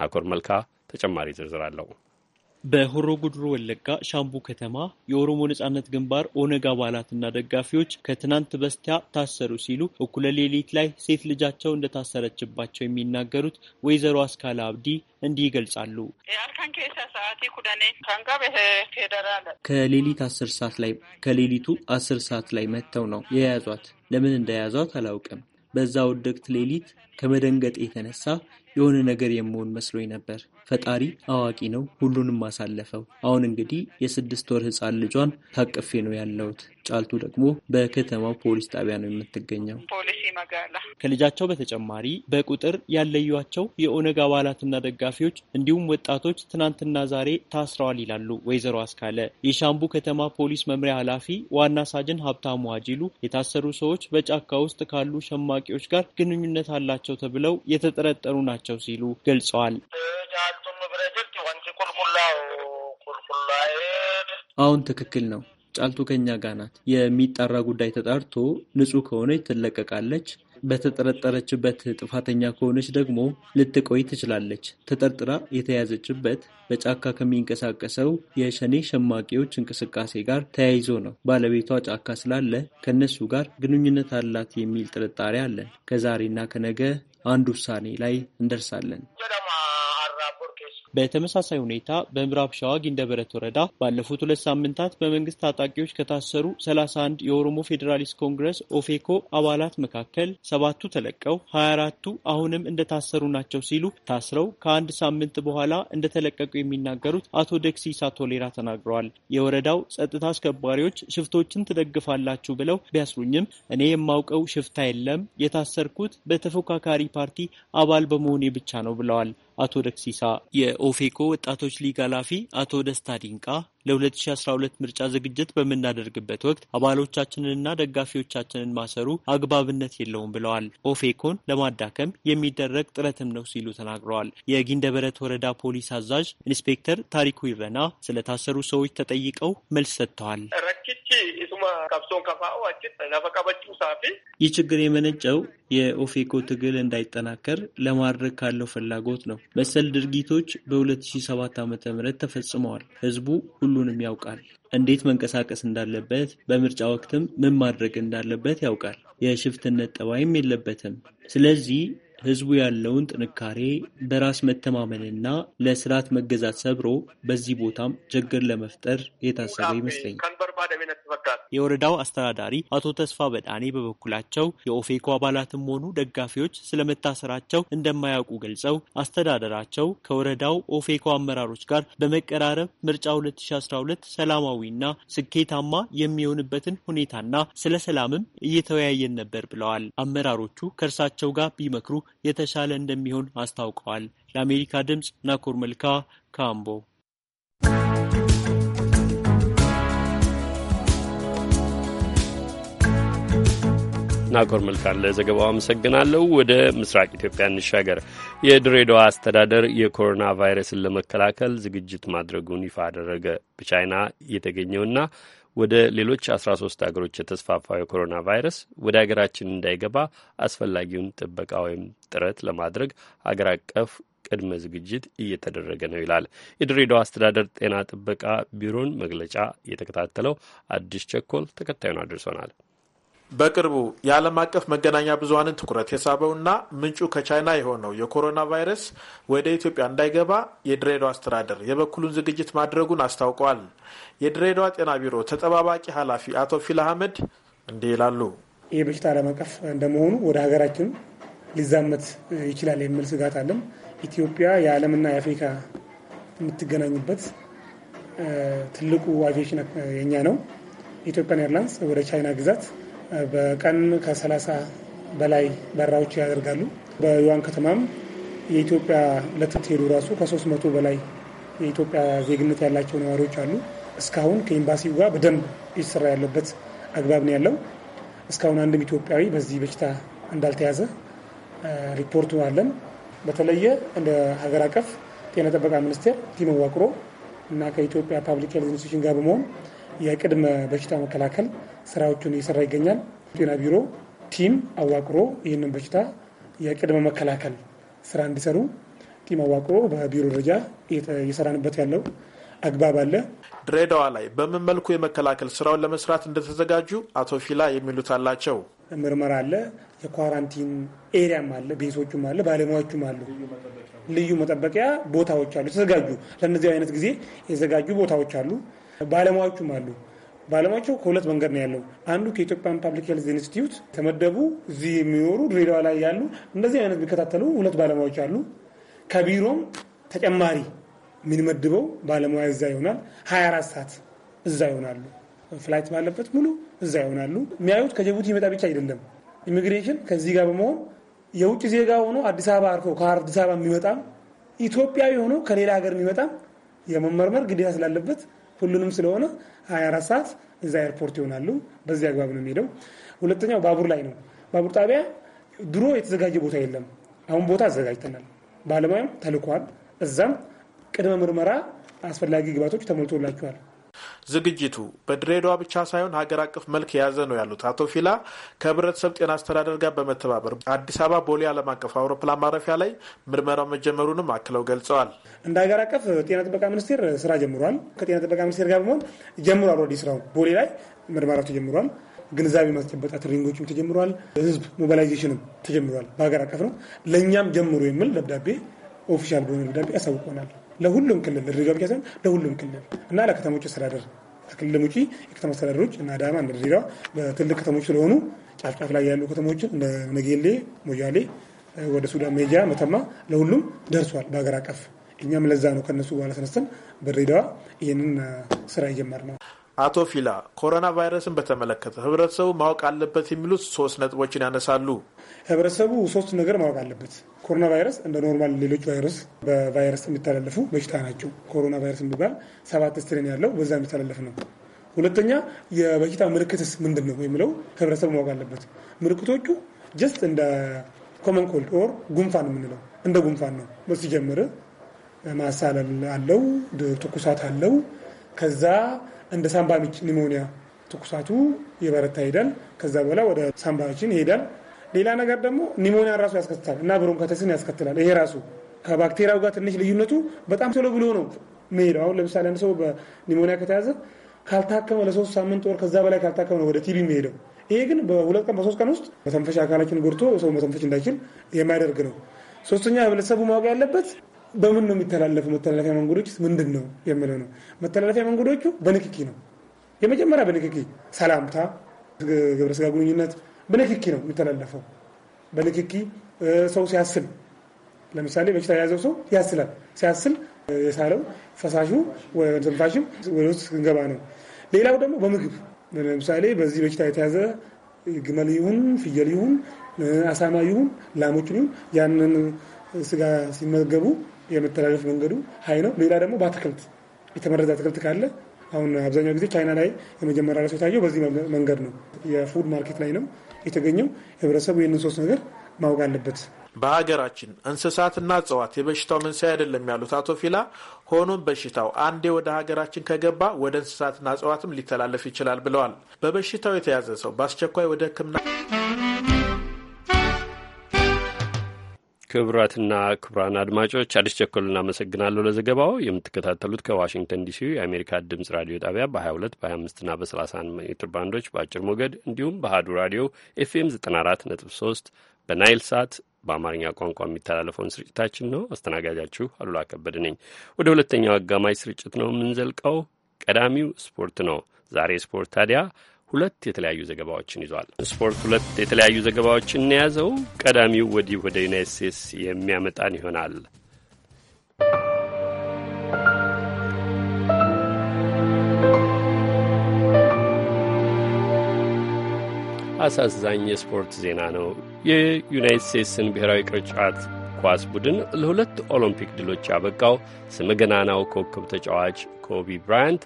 ናኮር መልካ ተጨማሪ ዝርዝር አለው። በሆሮ ጉድሮ ወለጋ ሻምቡ ከተማ የኦሮሞ ነጻነት ግንባር ኦነግ አባላትና ደጋፊዎች ከትናንት በስቲያ ታሰሩ ሲሉ እኩለ ሌሊት ላይ ሴት ልጃቸው እንደታሰረችባቸው የሚናገሩት ወይዘሮ አስካላ አብዲ እንዲህ ይገልጻሉ። ከሌሊት አስር ሰዓት ላይ ከሌሊቱ አስር ሰዓት ላይ መጥተው ነው የያዟት። ለምን እንደያዟት አላውቅም። በዛ ወደቅት ሌሊት ከመደንገጥ የተነሳ የሆነ ነገር የመሆን መስሎኝ ነበር ፈጣሪ አዋቂ ነው፣ ሁሉንም አሳለፈው። አሁን እንግዲህ የስድስት ወር ህፃን ልጇን ታቅፌ ነው ያለሁት። ጫልቱ ደግሞ በከተማው ፖሊስ ጣቢያ ነው የምትገኘው። ከልጃቸው በተጨማሪ በቁጥር ያለዩቸው የኦነግ አባላትና ደጋፊዎች እንዲሁም ወጣቶች ትናንትና ዛሬ ታስረዋል ይላሉ ወይዘሮ አስካለ። የሻምቡ ከተማ ፖሊስ መምሪያ ኃላፊ ዋና ሳጅን ሀብታሙ አጂሉ የታሰሩ ሰዎች በጫካ ውስጥ ካሉ ሸማቂዎች ጋር ግንኙነት አላቸው ተብለው የተጠረጠሩ ናቸው ሲሉ ገልጸዋል። አሁን ትክክል ነው። ጫልቱ ከኛ ጋር ናት። የሚጣራ ጉዳይ ተጣርቶ ንጹህ ከሆነች ትለቀቃለች። በተጠረጠረችበት ጥፋተኛ ከሆነች ደግሞ ልትቆይ ትችላለች። ተጠርጥራ የተያዘችበት በጫካ ከሚንቀሳቀሰው የሸኔ ሸማቂዎች እንቅስቃሴ ጋር ተያይዞ ነው። ባለቤቷ ጫካ ስላለ ከእነሱ ጋር ግንኙነት አላት የሚል ጥርጣሬ አለን። ከዛሬና ከነገ አንድ ውሳኔ ላይ እንደርሳለን። በተመሳሳይ ሁኔታ በምዕራብ ሸዋ ጊንደበረት ወረዳ ባለፉት ሁለት ሳምንታት በመንግስት ታጣቂዎች ከታሰሩ 31 የኦሮሞ ፌዴራሊስት ኮንግረስ ኦፌኮ አባላት መካከል ሰባቱ ተለቀው 24ቱ አሁንም እንደታሰሩ ናቸው ሲሉ ታስረው ከአንድ ሳምንት በኋላ እንደተለቀቁ የሚናገሩት አቶ ደክሲሳ ቶሌራ ተናግረዋል። የወረዳው ጸጥታ አስከባሪዎች ሽፍቶችን ትደግፋላችሁ ብለው ቢያስሩኝም እኔ የማውቀው ሽፍታ የለም፣ የታሰርኩት በተፎካካሪ ፓርቲ አባል በመሆኔ ብቻ ነው ብለዋል። አቶ ደክሲሳ፣ የኦፌኮ ወጣቶች ሊግ ኃላፊ አቶ ደስታ ዲንቃ ለ2012 ምርጫ ዝግጅት በምናደርግበት ወቅት አባሎቻችንንና ደጋፊዎቻችንን ማሰሩ አግባብነት የለውም ብለዋል። ኦፌኮን ለማዳከም የሚደረግ ጥረትም ነው ሲሉ ተናግረዋል። የጊንደበረት ወረዳ ፖሊስ አዛዥ ኢንስፔክተር ታሪኩ ይረና ስለታሰሩ ሰዎች ተጠይቀው መልስ ሰጥተዋል። ይህ ችግር የመነጨው የኦፌኮ ትግል እንዳይጠናከር ለማድረግ ካለው ፍላጎት ነው። መሰል ድርጊቶች በ2007 ዓ.ም ተፈጽመዋል። ህዝቡ ሁሉንም ያውቃል። እንዴት መንቀሳቀስ እንዳለበት፣ በምርጫ ወቅትም ምን ማድረግ እንዳለበት ያውቃል። የሽፍትነት ጠባይም የለበትም። ስለዚህ ህዝቡ ያለውን ጥንካሬ በራስ መተማመንና ለስርዓት መገዛት ሰብሮ በዚህ ቦታም ችግር ለመፍጠር የታሰበ ይመስለኛል። የወረዳው አስተዳዳሪ አቶ ተስፋ በዳኔ በበኩላቸው የኦፌኮ አባላትም ሆኑ ደጋፊዎች ስለመታሰራቸው እንደማያውቁ ገልጸው አስተዳደራቸው ከወረዳው ኦፌኮ አመራሮች ጋር በመቀራረብ ምርጫ 2012 ሰላማዊና ስኬታማ የሚሆንበትን ሁኔታና ስለ ሰላምም እየተወያየን ነበር ብለዋል። አመራሮቹ ከእርሳቸው ጋር ቢመክሩ የተሻለ እንደሚሆን አስታውቀዋል። ለአሜሪካ ድምፅ ናኮር መልካ ካምቦ ናኮር መልካን ለዘገባው አመሰግናለሁ። ወደ ምስራቅ ኢትዮጵያ እንሻገር። የድሬዳዋ አስተዳደር የኮሮና ቫይረስን ለመከላከል ዝግጅት ማድረጉን ይፋ አደረገ። በቻይና የተገኘውና ወደ ሌሎች 13 ሀገሮች የተስፋፋው የኮሮና ቫይረስ ወደ ሀገራችን እንዳይገባ አስፈላጊውን ጥበቃ ወይም ጥረት ለማድረግ ሀገር አቀፍ ቅድመ ዝግጅት እየተደረገ ነው ይላል የድሬዳዋ አስተዳደር ጤና ጥበቃ ቢሮን መግለጫ የተከታተለው አዲስ ቸኮል ተከታዩን አድርሶናል። በቅርቡ የዓለም አቀፍ መገናኛ ብዙሀንን ትኩረት የሳበውና ምንጩ ከቻይና የሆነው የኮሮና ቫይረስ ወደ ኢትዮጵያ እንዳይገባ የድሬዳዋ አስተዳደር የበኩሉን ዝግጅት ማድረጉን አስታውቋል። የድሬዳዋ ጤና ቢሮ ተጠባባቂ ኃላፊ አቶ ፊል አህመድ እንዲህ ይላሉ። ይህ በሽታ ዓለም አቀፍ እንደመሆኑ ወደ ሀገራችን ሊዛመት ይችላል የሚል ስጋት አለን። ኢትዮጵያ የዓለምና የአፍሪካ የምትገናኝበት ትልቁ አቪዬሽን የኛ ነው። ኢትዮጵያን ኤርላይንስ ወደ ቻይና ግዛት በቀን ከ30 በላይ በራዎች ያደርጋሉ። በዩዋን ከተማም የኢትዮጵያ ለትት ሄዱ ራሱ ከ መቶ በላይ የኢትዮጵያ ዜግነት ያላቸው ነዋሪዎች አሉ። እስካሁን ከኤምባሲው ጋር በደንብ ይሰራ ያለበት አግባብ ነው ያለው። እስካሁን አንድም ኢትዮጵያዊ በዚህ በሽታ እንዳልተያዘ ሪፖርቱ አለን። በተለየ እንደ ሀገር አቀፍ ጤና ጥበቃ ሚኒስቴር ቲም አዋቅሮ እና ከኢትዮጵያ ፓብሊክ ሄልዝ ኢንስቲትዩሽን ጋር በመሆን የቅድመ በሽታ መከላከል ስራዎችን እየሰራ ይገኛል። ጤና ቢሮ ቲም አዋቅሮ ይህንን በሽታ የቅድመ መከላከል ስራ እንዲሰሩ ቲም አዋቅሮ በቢሮ ደረጃ እየሰራንበት ያለው አግባብ አለ። ድሬዳዋ ላይ በምን መልኩ የመከላከል ስራውን ለመስራት እንደተዘጋጁ አቶ ፊላ የሚሉት አላቸው። ምርመራ አለ፣ የኳራንቲን ኤሪያም አለ፣ ቤቶቹም አለ፣ ባለሙያዎቹም አሉ። ልዩ መጠበቂያ ቦታዎች አሉ የተዘጋጁ ለእነዚህ አይነት ጊዜ የተዘጋጁ ቦታዎች አሉ። ባለሙያዎቹም አሉ። ባለሙያቸው ከሁለት መንገድ ነው ያለው። አንዱ ከኢትዮጵያን ፓብሊክ ሄልዝ ኢንስቲትዩት የተመደቡ እዚህ የሚኖሩ ድሬዳዋ ላይ ያሉ እንደዚህ አይነት የሚከታተሉ ሁለት ባለሙያዎች አሉ። ከቢሮም ተጨማሪ የምንመድበው ባለሙያ እዛ ይሆናል። 24 ሰዓት እዛ ይሆናሉ። ፍላይት ባለበት ሙሉ እዛ ይሆናሉ። የሚያዩት ከጅቡቲ ይመጣ ብቻ አይደለም። ኢሚግሬሽን ከዚህ ጋር በመሆን የውጭ ዜጋ ሆኖ አዲስ አበባ አርፎ ከአዲስ አበባ የሚመጣም ኢትዮጵያዊ ሆኖ ከሌላ ሀገር የሚመጣም የመመርመር ግዴታ ስላለበት ሁሉንም ስለሆነ 24 ሰዓት እዛ ኤርፖርት ይሆናሉ። በዚህ አግባብ ነው የሚሄደው። ሁለተኛው ባቡር ላይ ነው። ባቡር ጣቢያ ድሮ የተዘጋጀ ቦታ የለም። አሁን ቦታ አዘጋጅተናል። ባለሙያም ተልኳል። እዛም ቅድመ ምርመራ አስፈላጊ ግባቶች ተሞልቶላቸዋል። ዝግጅቱ በድሬዳዋ ብቻ ሳይሆን ሀገር አቀፍ መልክ የያዘ ነው ያሉት አቶ ፊላ ከህብረተሰብ ጤና አስተዳደር ጋር በመተባበር አዲስ አበባ ቦሌ ዓለም አቀፍ አውሮፕላን ማረፊያ ላይ ምርመራው መጀመሩንም አክለው ገልጸዋል። እንደ ሀገር አቀፍ ጤና ጥበቃ ሚኒስቴር ስራ ጀምሯል። ከጤና ጥበቃ ሚኒስቴር ጋር በመሆን ጀምሯል። ወዲህ ስራው ቦሌ ላይ ምርመራው ተጀምሯል። ግንዛቤ ማስጨበጣ ትሬኒንጎችም ተጀምሯል። ህዝብ ሞባላይዜሽንም ተጀምሯል። በሀገር አቀፍ ነው። ለእኛም ጀምሩ የሚል ደብዳቤ ኦፊሻል በሆነ ደብዳቤ ያሳውቀናል። ለሁሉም ክልል ለድሬዳዋ ብቻ ሳይሆን ለሁሉም ክልል እና ለከተሞች አስተዳደር ከክልልም ውጪ የከተማ አስተዳደሮች እና አዳማ እንደ ድሬዳዋ በትልቅ ከተሞች ስለሆኑ ጫፍጫፍ ላይ ያሉ ከተሞችን እንደ ነጌሌ፣ ሞያሌ፣ ወደ ሱዳን ሜጃ፣ መተማ ለሁሉም ደርሷል በሀገር አቀፍ። እኛም ለዛ ነው ከነሱ በኋላ ተነስተን በድሬዳዋ ይህንን ስራ የጀመርነው። አቶ ፊላ ኮሮና ቫይረስን በተመለከተ ህብረተሰቡ ማወቅ አለበት የሚሉት ሶስት ነጥቦችን ያነሳሉ። ህብረተሰቡ ሶስት ነገር ማወቅ አለበት። ኮሮና ቫይረስ እንደ ኖርማል ሌሎች ቫይረስ በቫይረስ የሚተላለፉ በሽታ ናቸው። ኮሮና ቫይረስ የሚባል ሰባት ስትሬን ያለው በዛ የሚተላለፍ ነው። ሁለተኛ የበሽታ ምልክትስ ምንድን ነው የሚለው ህብረተሰቡ ማወቅ አለበት። ምልክቶቹ ጀስት እንደ ኮመን ኮልድ ኦር ጉንፋን የምንለው እንደ ጉንፋን ነው። ጀምር ማሳለል አለው፣ ትኩሳት አለው ከዛ እንደ ሳምባ ምች ኒሞኒያ ትኩሳቱ ይበረታ ይሄዳል። ከዛ በኋላ ወደ ሳምባችን ይሄዳል። ሌላ ነገር ደግሞ ኒሞኒያ ራሱ ያስከትላል እና ብሮንካይተስን ያስከትላል። ይሄ ራሱ ከባክቴሪያው ጋር ትንሽ ልዩነቱ በጣም ቶሎ ብሎ ነው መሄደው። አሁን ለምሳሌ አንድ ሰው በኒሞኒያ ከተያዘ ካልታከመ ለሶስት ሳምንት ወር ከዛ በላይ ካልታከመ ነው ወደ ቲቪ የሚሄደው። ይሄ ግን በሁለት ቀን በሶስት ቀን ውስጥ መተንፈሻ አካላችን ጎድቶ ሰው መተንፈሽ እንዳይችል የሚያደርግ ነው። ሶስተኛ ህብረተሰቡ ማወቅ ያለበት በምን ነው የሚተላለፉ መተላለፊያ መንገዶች ምንድን ነው የሚለው ነው። መተላለፊያ መንገዶቹ በንክኪ ነው። የመጀመሪያ በንክኪ ሰላምታ፣ ግብረስጋ ግንኙነት በንክኪ ነው የሚተላለፈው። በንክኪ ሰው ሲያስል፣ ለምሳሌ በሽታ የያዘው ሰው ያስላል። ሲያስል የሳለው ፈሳሹ ወሰንፋሽም ወደ ውስጥ ስንገባ ነው። ሌላው ደግሞ በምግብ ለምሳሌ በዚህ በሽታ የተያዘ ግመል ይሁን ፍየል ይሁን አሳማ ይሁን ላሞችን ይሁን ያንን ስጋ ሲመገቡ የመተላለፍ መንገዱ ሀይ ነው። ሌላ ደግሞ በአትክልት የተመረዘ አትክልት ካለ አሁን አብዛኛው ጊዜ ቻይና ላይ የመጀመሪያ ራሱ የታየው በዚህ መንገድ ነው። የፉድ ማርኬት ላይ ነው የተገኘው። ህብረተሰቡ ይህንን ሶስት ነገር ማወቅ አለበት። በሀገራችን እንስሳትና እጽዋት የበሽታው መንስኤ አይደለም ያሉት አቶ ፊላ፣ ሆኖም በሽታው አንዴ ወደ ሀገራችን ከገባ ወደ እንስሳትና እጽዋትም ሊተላለፍ ይችላል ብለዋል። በበሽታው የተያዘ ሰው በአስቸኳይ ወደ ሕክምና ክቡራትና ክቡራን አድማጮች አዲስ ቸኮል እናመሰግናለሁ ለዘገባው። የምትከታተሉት ከዋሽንግተን ዲሲ የአሜሪካ ድምጽ ራዲዮ ጣቢያ በ22 በ25ና በ31 ሜትር ባንዶች በአጭር ሞገድ እንዲሁም በአሀዱ ራዲዮ ኤፍኤም 94.3 በናይል ሳት በአማርኛ ቋንቋ የሚተላለፈውን ስርጭታችን ነው። አስተናጋጃችሁ አሉላ ከበድ ነኝ። ወደ ሁለተኛው አጋማሽ ስርጭት ነው የምንዘልቀው። ቀዳሚው ስፖርት ነው። ዛሬ ስፖርት ታዲያ ሁለት የተለያዩ ዘገባዎችን ይዟል። ስፖርት ሁለት የተለያዩ ዘገባዎችን የያዘው ቀዳሚው ወዲህ ወደ ዩናይት ስቴትስ የሚያመጣን ይሆናል። አሳዛኝ የስፖርት ዜና ነው። የዩናይት ስቴትስን ብሔራዊ ቅርጫት ኳስ ቡድን ለሁለት ኦሎምፒክ ድሎች ያበቃው ስመገናናው ኮከብ ተጫዋች ኮቢ ብራያንት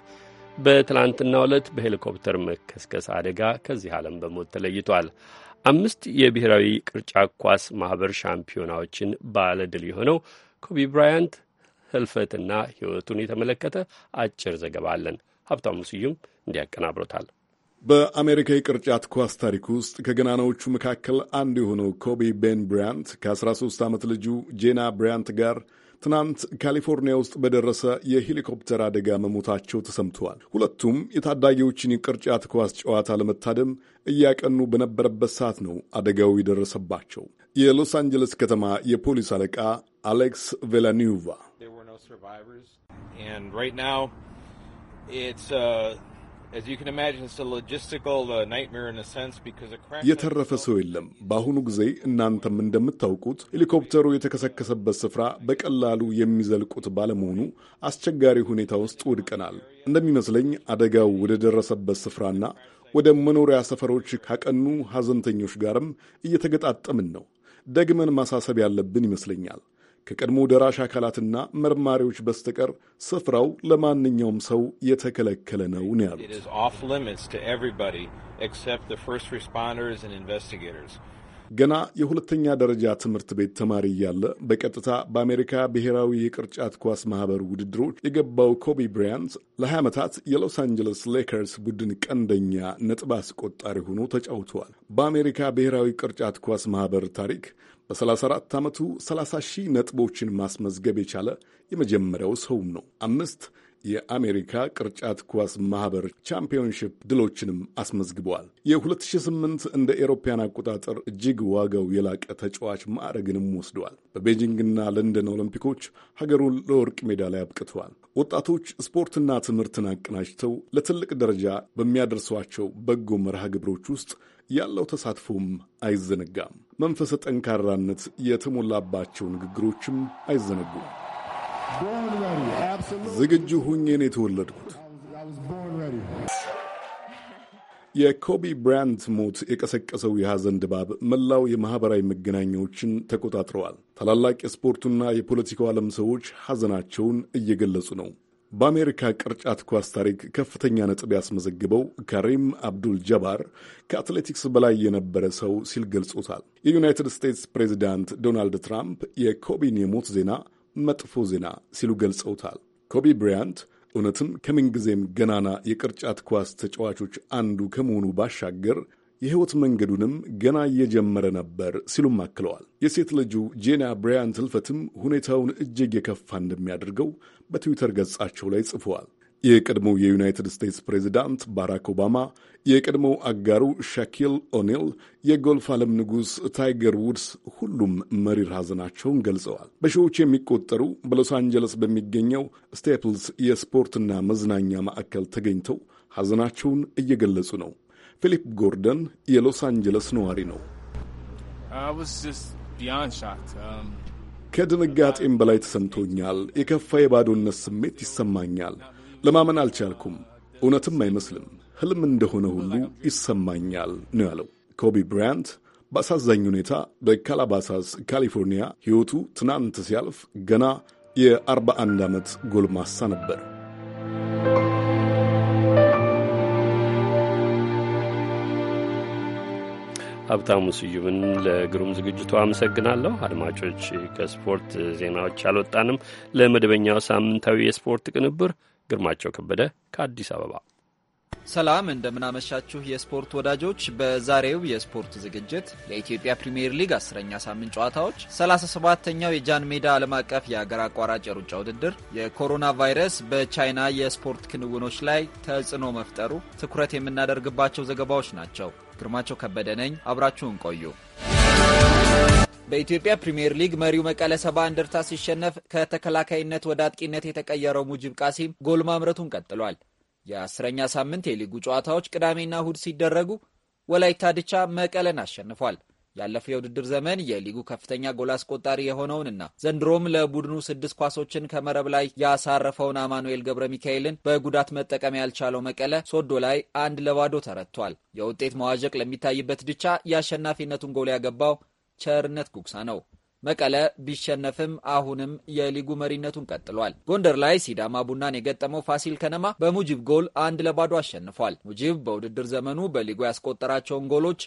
በትላንትናው ዕለት በሄሊኮፕተር መከስከስ አደጋ ከዚህ ዓለም በሞት ተለይቷል። አምስት የብሔራዊ ቅርጫት ኳስ ማኅበር ሻምፒዮናዎችን ባለድል የሆነው ኮቢ ብራያንት ህልፈትና ሕይወቱን የተመለከተ አጭር ዘገባ አለን። ሀብታሙ ስዩም እንዲያቀናብሮታል። በአሜሪካ የቅርጫት ኳስ ታሪክ ውስጥ ከገናናዎቹ መካከል አንዱ የሆነው ኮቢ ቤን ብራያንት ከ13 ዓመት ልጁ ጄና ብራያንት ጋር ትናንት ካሊፎርኒያ ውስጥ በደረሰ የሄሊኮፕተር አደጋ መሞታቸው ተሰምተዋል። ሁለቱም የታዳጊዎችን የቅርጫት ኳስ ጨዋታ ለመታደም እያቀኑ በነበረበት ሰዓት ነው አደጋው የደረሰባቸው። የሎስ አንጀለስ ከተማ የፖሊስ አለቃ አሌክስ ቬላኒዩቫ Uh, የተረፈ ሰው የለም። በአሁኑ ጊዜ እናንተም እንደምታውቁት ሄሊኮፕተሩ የተከሰከሰበት ስፍራ በቀላሉ የሚዘልቁት ባለመሆኑ አስቸጋሪ ሁኔታ ውስጥ ወድቀናል። እንደሚመስለኝ አደጋው ወደ ደረሰበት ስፍራና ወደ መኖሪያ ሰፈሮች ካቀኑ ሐዘንተኞች ጋርም እየተገጣጠምን ነው። ደግመን ማሳሰብ ያለብን ይመስለኛል። ከቀድሞ ደራሽ አካላትና መርማሪዎች በስተቀር ስፍራው ለማንኛውም ሰው የተከለከለ ነው ነው ያሉት። ገና የሁለተኛ ደረጃ ትምህርት ቤት ተማሪ እያለ በቀጥታ በአሜሪካ ብሔራዊ የቅርጫት ኳስ ማህበር ውድድሮች የገባው ኮቢ ብራያንት ለ20 ዓመታት የሎስ አንጀለስ ሌከርስ ቡድን ቀንደኛ ነጥብ አስቆጣሪ ሆኖ ተጫውተዋል። በአሜሪካ ብሔራዊ ቅርጫት ኳስ ማህበር ታሪክ በ34 ዓመቱ 30 ሺህ ነጥቦችን ማስመዝገብ የቻለ የመጀመሪያው ሰውም ነው። አምስት የአሜሪካ ቅርጫት ኳስ ማህበር ቻምፒዮንሺፕ ድሎችንም አስመዝግበዋል። የ2008 እንደ ኤሮፓያን አቆጣጠር እጅግ ዋጋው የላቀ ተጫዋች ማዕረግንም ወስደዋል። በቤጂንግና ለንደን ኦሎምፒኮች ሀገሩን ለወርቅ ሜዳ ላይ አብቅተዋል። ወጣቶች ስፖርትና ትምህርትን አቀናጅተው ለትልቅ ደረጃ በሚያደርሷቸው በጎ መርሃ ግብሮች ውስጥ ያለው ተሳትፎም አይዘነጋም። መንፈሰ ጠንካራነት የተሞላባቸው ንግግሮችም አይዘነጉም። ዝግጁ ሁኜ ነው የተወለድኩት። የኮቢ ብራያንት ሞት የቀሰቀሰው የሐዘን ድባብ መላው የማኅበራዊ መገናኛዎችን ተቆጣጥረዋል። ታላላቅ የስፖርቱና የፖለቲካው ዓለም ሰዎች ሐዘናቸውን እየገለጹ ነው። በአሜሪካ ቅርጫት ኳስ ታሪክ ከፍተኛ ነጥብ ያስመዘግበው ካሪም አብዱል ጀባር ከአትሌቲክስ በላይ የነበረ ሰው ሲል ገልጾታል። የዩናይትድ ስቴትስ ፕሬዚዳንት ዶናልድ ትራምፕ የኮቢን የሞት ዜና መጥፎ ዜና ሲሉ ገልጸውታል። ኮቢ ብሪያንት እውነትም ከምንጊዜም ገናና የቅርጫት ኳስ ተጫዋቾች አንዱ ከመሆኑ ባሻገር የሕይወት መንገዱንም ገና እየጀመረ ነበር ሲሉም አክለዋል። የሴት ልጁ ጄና ብራያን ህልፈትም ሁኔታውን እጅግ የከፋ እንደሚያደርገው በትዊተር ገጻቸው ላይ ጽፈዋል። የቀድሞው የዩናይትድ ስቴትስ ፕሬዚዳንት ባራክ ኦባማ፣ የቀድሞው አጋሩ ሻኪል ኦኔል፣ የጎልፍ ዓለም ንጉሥ ታይገር ውድስ ሁሉም መሪር ሐዘናቸውን ገልጸዋል። በሺዎች የሚቆጠሩ በሎስ አንጀለስ በሚገኘው ስቴፕልስ የስፖርትና መዝናኛ ማዕከል ተገኝተው ሐዘናቸውን እየገለጹ ነው። ፊሊፕ ጎርደን የሎስ አንጀለስ ነዋሪ ነው። um, ከድንጋጤም በላይ ተሰምቶኛል። የከፋ የባዶነት ስሜት ይሰማኛል። ለማመን አልቻልኩም። እውነትም አይመስልም። ህልም እንደሆነ ሁሉ ይሰማኛል ነው ያለው ኮቢ ብራያንት። በአሳዛኝ ሁኔታ በካላባሳስ ካሊፎርኒያ ሕይወቱ ትናንት ሲያልፍ ገና የ41 ዓመት ጎልማሳ ነበር። ሀብታሙ ስዩምን ለግሩም ዝግጅቱ አመሰግናለሁ። አድማጮች፣ ከስፖርት ዜናዎች አልወጣንም። ለመደበኛው ሳምንታዊ የስፖርት ቅንብር ግርማቸው ከበደ ከአዲስ አበባ ሰላም እንደምናመሻችሁ የስፖርት ወዳጆች። በዛሬው የስፖርት ዝግጅት ለኢትዮጵያ ፕሪምየር ሊግ አስረኛ ሳምንት ጨዋታዎች 37 37ተኛው የጃን ሜዳ ዓለም አቀፍ የአገር አቋራጭ የሩጫ ውድድር፣ የኮሮና ቫይረስ በቻይና የስፖርት ክንውኖች ላይ ተጽዕኖ መፍጠሩ ትኩረት የምናደርግባቸው ዘገባዎች ናቸው። ግርማቸው ከበደ ነኝ። አብራችሁን ቆዩ። በኢትዮጵያ ፕሪምየር ሊግ መሪው መቀለ ሰባ እንደርታ ሲሸነፍ ከተከላካይነት ወደ አጥቂነት የተቀየረው ሙጂብ ቃሲም ጎል ማምረቱን ቀጥሏል። የአስረኛ ሳምንት የሊጉ ጨዋታዎች ቅዳሜና እሁድ ሲደረጉ ወላይታ ድቻ መቀለን አሸንፏል። ያለፈው የውድድር ዘመን የሊጉ ከፍተኛ ጎል አስቆጣሪ የሆነውንና ዘንድሮም ለቡድኑ ስድስት ኳሶችን ከመረብ ላይ ያሳረፈውን አማኑኤል ገብረ ሚካኤልን በጉዳት መጠቀም ያልቻለው መቀለ ሶዶ ላይ አንድ ለባዶ ተረቷል። የውጤት መዋዠቅ ለሚታይበት ድቻ የአሸናፊነቱን ጎል ያገባው ቸርነት ጉግሳ ነው። መቀለ ቢሸነፍም አሁንም የሊጉ መሪነቱን ቀጥሏል። ጎንደር ላይ ሲዳማ ቡናን የገጠመው ፋሲል ከነማ በሙጅብ ጎል አንድ ለባዶ አሸንፏል። ሙጅብ በውድድር ዘመኑ በሊጉ ያስቆጠራቸውን ጎሎች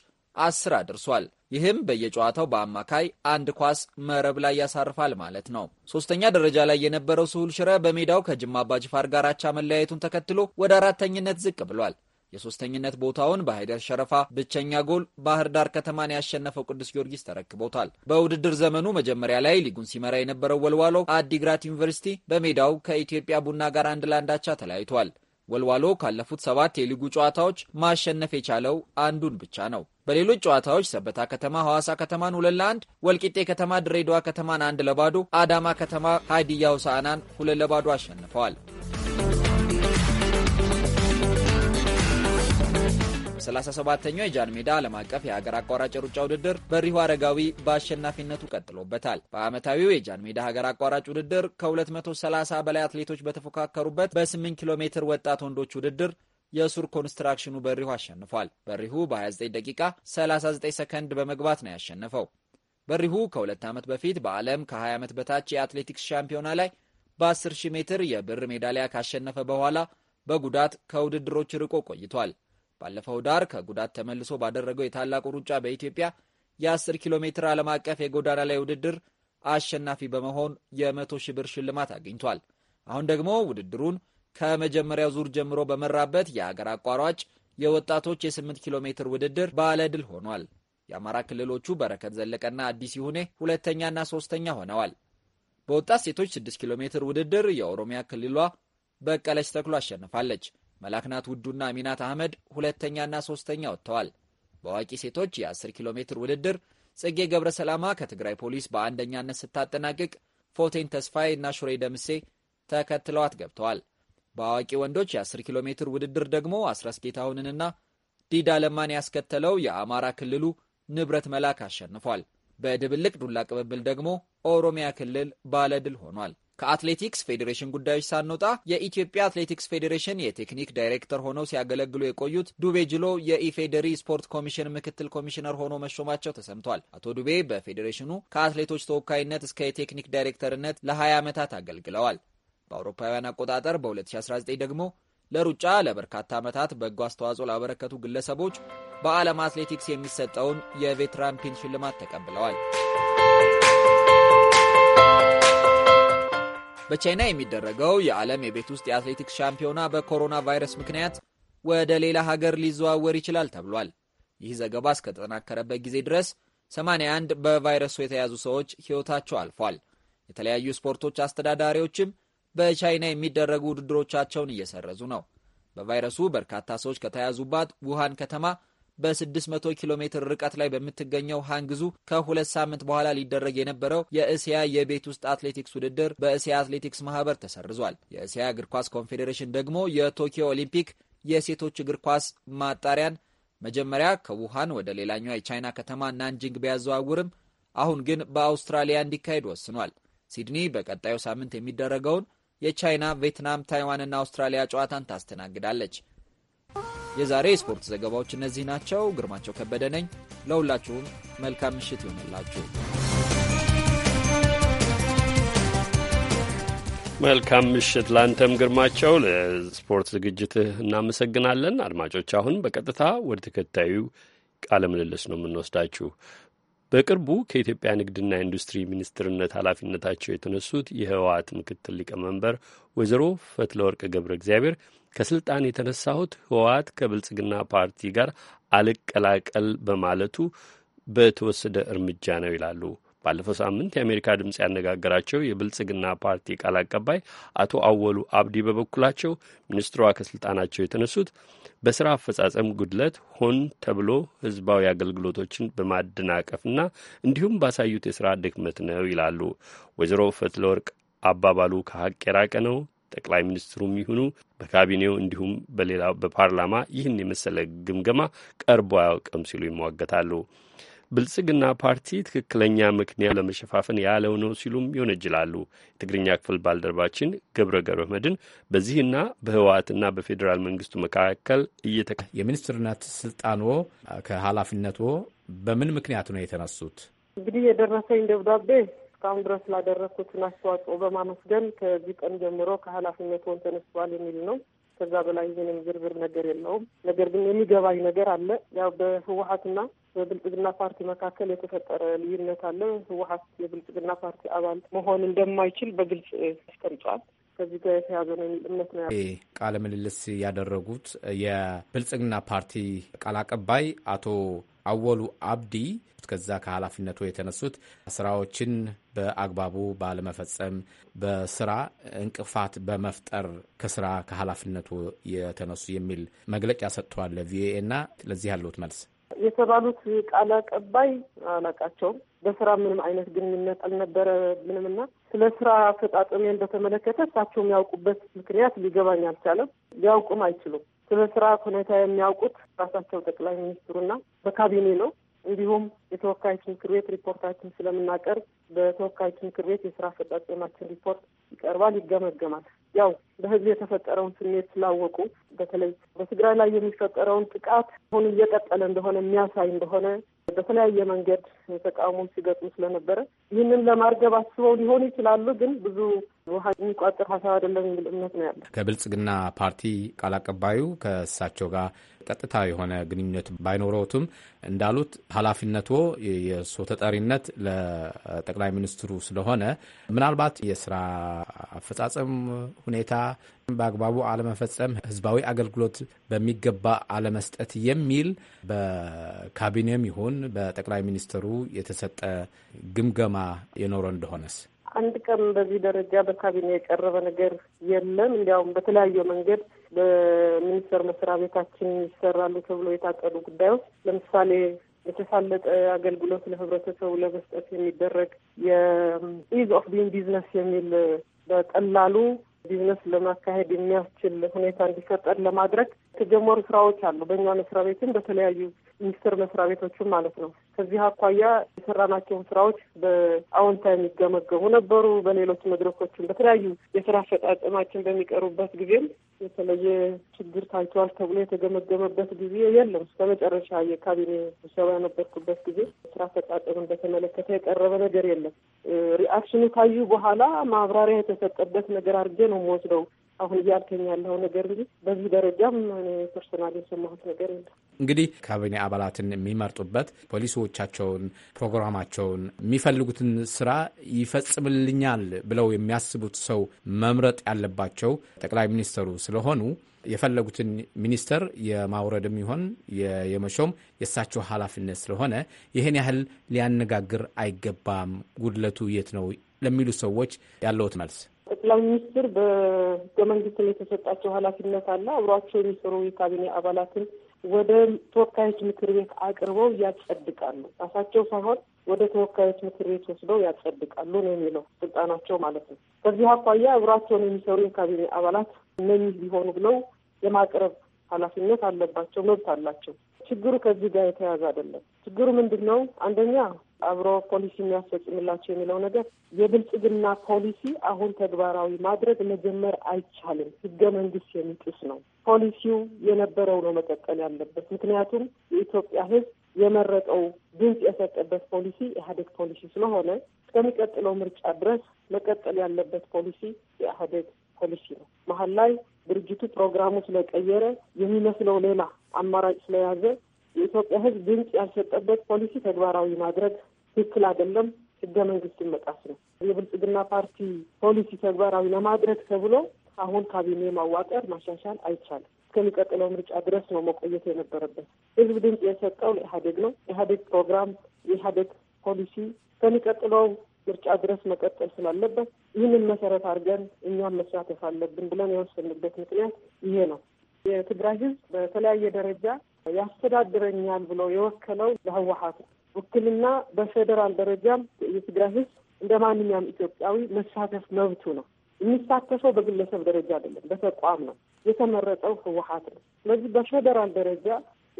አስር አድርሷል። ይህም በየጨዋታው በአማካይ አንድ ኳስ መረብ ላይ ያሳርፋል ማለት ነው። ሶስተኛ ደረጃ ላይ የነበረው ስሁል ሽረ በሜዳው ከጅማ አባጅፋር ጋር አቻ መለያየቱን ተከትሎ ወደ አራተኝነት ዝቅ ብሏል። የሶስተኝነት ቦታውን በሀይደር ሸረፋ ብቸኛ ጎል ባህር ዳር ከተማን ያሸነፈው ቅዱስ ጊዮርጊስ ተረክቦታል። በውድድር ዘመኑ መጀመሪያ ላይ ሊጉን ሲመራ የነበረው ወልዋሎ አዲግራት ዩኒቨርሲቲ በሜዳው ከኢትዮጵያ ቡና ጋር አንድ ለአንዳቻ ተለያይቷል። ወልዋሎ ካለፉት ሰባት የሊጉ ጨዋታዎች ማሸነፍ የቻለው አንዱን ብቻ ነው። በሌሎች ጨዋታዎች ሰበታ ከተማ ሐዋሳ ከተማን ሁለት ለአንድ፣ ወልቂጤ ከተማ ድሬዳዋ ከተማን አንድ ለባዶ፣ አዳማ ከተማ ሀዲያ ሆሳዕናን ሁለት ለባዶ አሸንፈዋል። 37ኛው የጃን ሜዳ ዓለም አቀፍ የሀገር አቋራጭ ሩጫ ውድድር በሪሁ አረጋዊ በአሸናፊነቱ ቀጥሎበታል። በዓመታዊው የጃን ሜዳ ሀገር አቋራጭ ውድድር ከ230 በላይ አትሌቶች በተፎካከሩበት በ8 ኪሎ ሜትር ወጣት ወንዶች ውድድር የሱር ኮንስትራክሽኑ በሪሁ አሸንፏል። በሪሁ በ29 ደቂቃ 39 ሰከንድ በመግባት ነው ያሸነፈው። በሪሁ ከሁለት ዓመት በፊት በዓለም ከ20 ዓመት በታች የአትሌቲክስ ሻምፒዮና ላይ በ10 ሺህ ሜትር የብር ሜዳሊያ ካሸነፈ በኋላ በጉዳት ከውድድሮች ርቆ ቆይቷል። ባለፈው ዳር ከጉዳት ተመልሶ ባደረገው የታላቁ ሩጫ በኢትዮጵያ የ10 ኪሎ ሜትር ዓለም አቀፍ የጎዳና ላይ ውድድር አሸናፊ በመሆን የመቶ ሺህ ብር ሽልማት አግኝቷል። አሁን ደግሞ ውድድሩን ከመጀመሪያው ዙር ጀምሮ በመራበት የአገር አቋራጭ የወጣቶች የ8 ኪሎ ሜትር ውድድር ባለድል ሆኗል። የአማራ ክልሎቹ በረከት ዘለቀና አዲስ ይሁኔ ሁለተኛና ሶስተኛ ሆነዋል። በወጣት ሴቶች 6 ኪሎ ሜትር ውድድር የኦሮሚያ ክልሏ በቀለች ተክሎ አሸንፋለች። መላክናት ውዱና ሚናት አህመድ ሁለተኛና ሶስተኛ ወጥተዋል። በአዋቂ ሴቶች የ10 ኪሎ ሜትር ውድድር ጽጌ ገብረ ሰላማ ከትግራይ ፖሊስ በአንደኛነት ስታጠናቅቅ ፎቴን ተስፋዬ እና ሹሬ ደምሴ ተከትለዋት ገብተዋል። በአዋቂ ወንዶች የ10 ኪሎ ሜትር ውድድር ደግሞ አስረስ ጌታሁንንና ዲዳ ለማን ያስከተለው የአማራ ክልሉ ንብረት መላክ አሸንፏል። በድብልቅ ዱላ ቅብብል ደግሞ ኦሮሚያ ክልል ባለድል ሆኗል። ከአትሌቲክስ ፌዴሬሽን ጉዳዮች ሳንወጣ የኢትዮጵያ አትሌቲክስ ፌዴሬሽን የቴክኒክ ዳይሬክተር ሆነው ሲያገለግሉ የቆዩት ዱቤ ጅሎ የኢፌዴሪ ስፖርት ኮሚሽን ምክትል ኮሚሽነር ሆኖ መሾማቸው ተሰምቷል። አቶ ዱቤ በፌዴሬሽኑ ከአትሌቶች ተወካይነት እስከ የቴክኒክ ዳይሬክተርነት ለ20 ዓመታት አገልግለዋል። በአውሮፓውያን አቆጣጠር በ2019 ደግሞ ለሩጫ ለበርካታ ዓመታት በጎ አስተዋጽኦ ላበረከቱ ግለሰቦች በዓለም አትሌቲክስ የሚሰጠውን የቬትራን ፒን ሽልማት ተቀብለዋል። በቻይና የሚደረገው የዓለም የቤት ውስጥ የአትሌቲክስ ሻምፒዮና በኮሮና ቫይረስ ምክንያት ወደ ሌላ ሀገር ሊዘዋወር ይችላል ተብሏል። ይህ ዘገባ እስከተጠናከረበት ጊዜ ድረስ 81 በቫይረሱ የተያዙ ሰዎች ሕይወታቸው አልፏል። የተለያዩ ስፖርቶች አስተዳዳሪዎችም በቻይና የሚደረጉ ውድድሮቻቸውን እየሰረዙ ነው። በቫይረሱ በርካታ ሰዎች ከተያዙባት ውሃን ከተማ በ600 ኪሎ ሜትር ርቀት ላይ በምትገኘው ሃንግዙ ከሁለት ሳምንት በኋላ ሊደረግ የነበረው የእስያ የቤት ውስጥ አትሌቲክስ ውድድር በእስያ አትሌቲክስ ማህበር ተሰርዟል። የእስያ እግር ኳስ ኮንፌዴሬሽን ደግሞ የቶኪዮ ኦሊምፒክ የሴቶች እግር ኳስ ማጣሪያን መጀመሪያ ከውሃን ወደ ሌላኛው የቻይና ከተማ ናንጂንግ ቢያዘዋውርም አሁን ግን በአውስትራሊያ እንዲካሄድ ወስኗል። ሲድኒ በቀጣዩ ሳምንት የሚደረገውን የቻይና ቬትናም፣ ታይዋንና አውስትራሊያ ጨዋታን ታስተናግዳለች። የዛሬ የስፖርት ዘገባዎች እነዚህ ናቸው። ግርማቸው ከበደ ነኝ። ለሁላችሁም መልካም ምሽት ይሆንላችሁ። መልካም ምሽት ላንተም ግርማቸው። ለስፖርት ዝግጅትህ እናመሰግናለን። አድማጮች፣ አሁን በቀጥታ ወደ ተከታዩ ቃለ ምልልስ ነው የምንወስዳችሁ። በቅርቡ ከኢትዮጵያ ንግድና ኢንዱስትሪ ሚኒስትርነት ኃላፊነታቸው የተነሱት የህወሓት ምክትል ሊቀመንበር ወይዘሮ ፈትለወርቅ ገብረ እግዚአብሔር ከስልጣን የተነሳሁት ህወሓት ከብልጽግና ፓርቲ ጋር አልቀላቀል በማለቱ በተወሰደ እርምጃ ነው ይላሉ። ባለፈው ሳምንት የአሜሪካ ድምፅ ያነጋገራቸው የብልጽግና ፓርቲ ቃል አቀባይ አቶ አወሉ አብዲ በበኩላቸው ሚኒስትሯ ከስልጣናቸው የተነሱት በስራ አፈጻጸም ጉድለት ሆን ተብሎ ህዝባዊ አገልግሎቶችን በማደናቀፍና እንዲሁም ባሳዩት የስራ ድክመት ነው ይላሉ። ወይዘሮ ፈትለወርቅ አባባሉ ከሀቅ የራቀ ነው፣ ጠቅላይ ሚኒስትሩም ይሁኑ በካቢኔው እንዲሁም በሌላ በፓርላማ ይህን የመሰለ ግምገማ ቀርቦ አያውቅም ሲሉ ይሟገታሉ። ብልጽግና ፓርቲ ትክክለኛ ምክንያት ለመሸፋፈን ያለው ነው ሲሉም ይወነጅላሉ። የትግርኛ ክፍል ባልደረባችን ገብረ ገብረ መድን በዚህና በህወሓትና በፌዴራል መንግስቱ መካከል እየተካ የሚኒስትርነት ስልጣንዎ ከኃላፊነትዎ በምን ምክንያት ነው የተነሱት? እንግዲህ የደረሰኝ ደብዳቤ እስካሁን ድረስ ላደረግኩትን አስተዋጽኦ በማመስገን ከዚህ ቀን ጀምሮ ከኃላፊነትዎን ተነስተዋል የሚል ነው። ከዛ በላይ ምንም ዝርዝር ነገር የለውም። ነገር ግን የሚገባኝ ነገር አለ። ያው በህወሀትና በብልጽግና ፓርቲ መካከል የተፈጠረ ልዩነት አለ። ህወሀት የብልጽግና ፓርቲ አባል መሆን እንደማይችል በግልጽ ያስቀምጧል። ከዚህ ጋር የተያዘ ነው የሚል እምነት ነው። ቃለ ምልልስ ያደረጉት የብልጽግና ፓርቲ ቃል አቀባይ አቶ አወሉ አብዲ ከዛ ከኃላፊነቱ የተነሱት ስራዎችን በአግባቡ ባለመፈጸም በስራ እንቅፋት በመፍጠር ከስራ ከኃላፊነቱ የተነሱ የሚል መግለጫ ሰጥተዋል ለቪኦኤ እና ለዚህ ያለት መልስ የተባሉት ቃል አቀባይ አላቃቸውም። በስራ ምንም አይነት ግንኙነት አልነበረ ምንምና ስለ ስራ አፈጻጸሜን በተመለከተ እሳቸው የሚያውቁበት ምክንያት ሊገባኝ አልቻለም። ሊያውቁም አይችሉም። ስለ ስርዓት ሁኔታ የሚያውቁት ራሳቸው ጠቅላይ ሚኒስትሩና በካቢኔ ነው። እንዲሁም የተወካዮች ምክር ቤት ሪፖርታችን ስለምናቀርብ በተወካዮች ምክር ቤት የስራ አፈጻጸማችን ሪፖርት ይቀርባል፣ ይገመገማል። ያው በህዝብ የተፈጠረውን ስሜት ስላወቁ በተለይ በትግራይ ላይ የሚፈጠረውን ጥቃት አሁን እየቀጠለ እንደሆነ የሚያሳይ እንደሆነ በተለያየ መንገድ ተቃውሞ ሲገጥሙ ስለነበረ ይህንን ለማርገብ አስበው ሊሆኑ ይችላሉ ግን ብዙ ውሃ የሚቋጠር ሀሳብ አይደለም የሚል እምነት ነው ያለ። ከብልጽግና ፓርቲ ቃል አቀባዩ ከእሳቸው ጋር ቀጥታ የሆነ ግንኙነት ባይኖረውትም እንዳሉት ኃላፊነቶ የእሱ ተጠሪነት ለጠቅላይ ሚኒስትሩ ስለሆነ ምናልባት የስራ አፈጻጸም ሁኔታ በአግባቡ አለመፈጸም፣ ህዝባዊ አገልግሎት በሚገባ አለመስጠት የሚል በካቢኔም ይሁን በጠቅላይ ሚኒስትሩ የተሰጠ ግምገማ የኖረ እንደሆነስ አንድ ቀን በዚህ ደረጃ በካቢኔ የቀረበ ነገር የለም። እንዲያውም በተለያየ መንገድ በሚኒስቴር መስሪያ ቤታችን ይሰራሉ ተብሎ የታቀዱ ጉዳዮች ለምሳሌ የተሳለጠ አገልግሎት ለህብረተሰቡ ለመስጠት የሚደረግ የኢዝ ኦፍ ዱይንግ ቢዝነስ የሚል በቀላሉ ቢዝነስ ለማካሄድ የሚያስችል ሁኔታ እንዲፈጠር ለማድረግ የተጀመሩ ስራዎች አሉ። በእኛ መስሪያ ቤትም በተለያዩ ሚኒስቴር መስሪያ ቤቶችም ማለት ነው። ከዚህ አኳያ የሰራናቸው ስራዎች በአዎንታ የሚገመገሙ ነበሩ። በሌሎች መድረኮችም በተለያዩ የስራ አፈጻጸማችን በሚቀርቡበት ጊዜም የተለየ ችግር ታይቷል ተብሎ የተገመገመበት ጊዜ የለም። በመጨረሻ የካቢኔ ስብሰባ የነበርኩበት ጊዜ ስራ አፈጻጸምን በተመለከተ የቀረበ ነገር የለም። ሪአክሽኑ ካዩ በኋላ ማብራሪያ የተሰጠበት ነገር አድርጌ ነው የምወስደው። አሁን እያልከኝ ያለው ነገር እንጂ በዚህ ደረጃም ፐርሶናል የሰማሁት ነገር የለም። እንግዲህ ካቢኔ አባላትን የሚመርጡበት ፖሊሲዎቻቸውን፣ ፕሮግራማቸውን፣ የሚፈልጉትን ስራ ይፈጽምልኛል ብለው የሚያስቡት ሰው መምረጥ ያለባቸው ጠቅላይ ሚኒስትሩ ስለሆኑ የፈለጉትን ሚኒስተር የማውረድም ይሆን የመሾም የእሳቸው ኃላፊነት ስለሆነ ይህን ያህል ሊያነጋግር አይገባም። ጉድለቱ የት ነው ለሚሉ ሰዎች ያለውት መልስ ጠቅላይ ሚኒስትር በህገ መንግስት የተሰጣቸው ኃላፊነት አለ። አብሯቸው የሚሰሩ የካቢኔ አባላትን ወደ ተወካዮች ምክር ቤት አቅርበው ያጸድቃሉ። ራሳቸው ሳይሆን ወደ ተወካዮች ምክር ቤት ወስደው ያጸድቃሉ ነው የሚለው ስልጣናቸው ማለት ነው። ከዚህ አኳያ አብሯቸውን የሚሰሩ የካቢኔ አባላት እነኚህ ቢሆኑ ብለው የማቅረብ ኃላፊነት አለባቸው፣ መብት አላቸው። ችግሩ ከዚህ ጋር የተያዘ አይደለም። ችግሩ ምንድን ነው? አንደኛ አብሮ ፖሊሲ የሚያስፈጽምላቸው የሚለው ነገር የብልጽግና ፖሊሲ አሁን ተግባራዊ ማድረግ መጀመር አይቻልም። ህገ መንግስት የሚጥስ ነው። ፖሊሲው የነበረው ነው መቀጠል ያለበት። ምክንያቱም የኢትዮጵያ ህዝብ የመረጠው ድምፅ የሰጠበት ፖሊሲ ኢህአዴግ ፖሊሲ ስለሆነ እስከሚቀጥለው ምርጫ ድረስ መቀጠል ያለበት ፖሊሲ የኢህአዴግ ፖሊሲ ነው። መሀል ላይ ድርጅቱ ፕሮግራሙ ስለቀየረ የሚመስለው ሌላ አማራጭ ስለያዘ የኢትዮጵያ ሕዝብ ድምፅ ያልሰጠበት ፖሊሲ ተግባራዊ ማድረግ ትክክል አይደለም፣ ህገ መንግስት መጣስ ነው። የብልጽግና ፓርቲ ፖሊሲ ተግባራዊ ለማድረግ ተብሎ አሁን ካቢኔ ማዋቀር ማሻሻል አይቻልም። እስከሚቀጥለው ምርጫ ድረስ ነው መቆየት የነበረበት። ህዝብ ድምፅ የሰጠው ለኢህአዴግ ነው። ኢህአዴግ ፕሮግራም፣ የኢህአዴግ ፖሊሲ እስከሚቀጥለው ምርጫ ድረስ መቀጠል ስላለበት ይህንን መሰረት አድርገን እኛም መሳተፍ አለብን ብለን የወሰንበት ምክንያት ይሄ ነው። የትግራይ ህዝብ በተለያየ ደረጃ ያስተዳድረኛል ብሎ የወከለው ለህወሀት ውክልና በፌዴራል ደረጃም የትግራይ ህዝብ እንደ ማንኛውም ኢትዮጵያዊ መሳተፍ መብቱ ነው። የሚሳተፈው በግለሰብ ደረጃ አይደለም፣ በተቋም ነው። የተመረጠው ህወሀት ነው። ስለዚህ በፌዴራል ደረጃ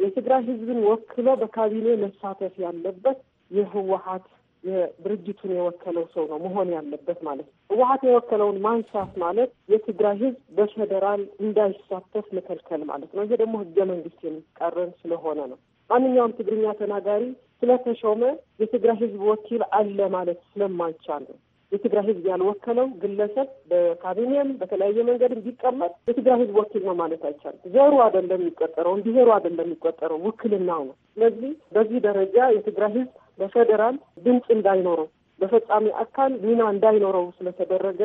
የትግራይ ህዝብን ወክሎ በካቢኔ መሳተፍ ያለበት የህወሀት የድርጅቱን የወከለው ሰው ነው መሆን ያለበት ማለት ነው። ህወሀት የወከለውን ማንሳት ማለት የትግራይ ህዝብ በፌዴራል እንዳይሳተፍ መከልከል ማለት ነው። ይሄ ደግሞ ህገ መንግስት የሚቃረን ስለሆነ ነው። ማንኛውም ትግርኛ ተናጋሪ ስለተሾመ የትግራይ ህዝብ ወኪል አለ ማለት ስለማይቻል ነው። የትግራይ ህዝብ ያልወከለው ግለሰብ በካቢኔም በተለያየ መንገድ እንዲቀመጥ የትግራይ ህዝብ ወኪል ነው ማለት አይቻልም። ዘሩ አይደለም የሚቆጠረው፣ እንዲሄሩ አይደለም የሚቆጠረው፣ ውክልናው ነው። ስለዚህ በዚህ ደረጃ የትግራይ ህዝብ በፌዴራል ድምፅ እንዳይኖረው በፈጻሚ አካል ሚና እንዳይኖረው ስለተደረገ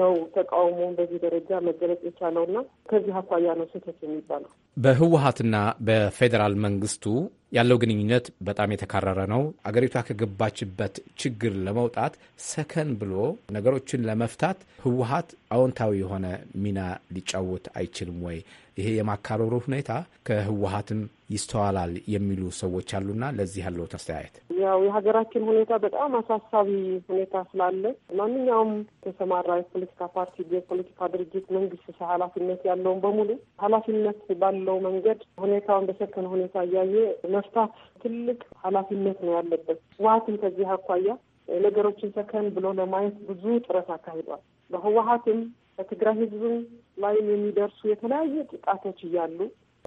ነው ተቃውሞውን በዚህ ደረጃ መገለጽ የቻለውና ከዚህ አኳያ ነው ስህተት የሚባለው። በህወሀትና በፌዴራል መንግስቱ ያለው ግንኙነት በጣም የተካረረ ነው። አገሪቷ ከገባችበት ችግር ለመውጣት ሰከን ብሎ ነገሮችን ለመፍታት ህወሀት አዎንታዊ የሆነ ሚና ሊጫወት አይችልም ወይ? ይሄ የማካረሩ ሁኔታ ከህወሀትም ይስተዋላል የሚሉ ሰዎች አሉና ለዚህ ያለው አስተያየት ያው የሀገራችን ሁኔታ በጣም አሳሳቢ ሁኔታ ስላለ ማንኛውም ተሰማራ የፖለቲካ ፓርቲ፣ የፖለቲካ ድርጅት መንግስት ኃላፊነት ያለውን በሙሉ ኃላፊነት ባለው መንገድ ሁኔታውን በሰከነ ሁኔታ እያየ መፍታት ትልቅ ኃላፊነት ነው ያለበት። ህወሀትም ከዚህ አኳያ ነገሮችን ሰከን ብሎ ለማየት ብዙ ጥረት አካሂዷል። በህወሀትም በትግራይ ህዝብም ላይም የሚደርሱ የተለያዩ ጥቃቶች እያሉ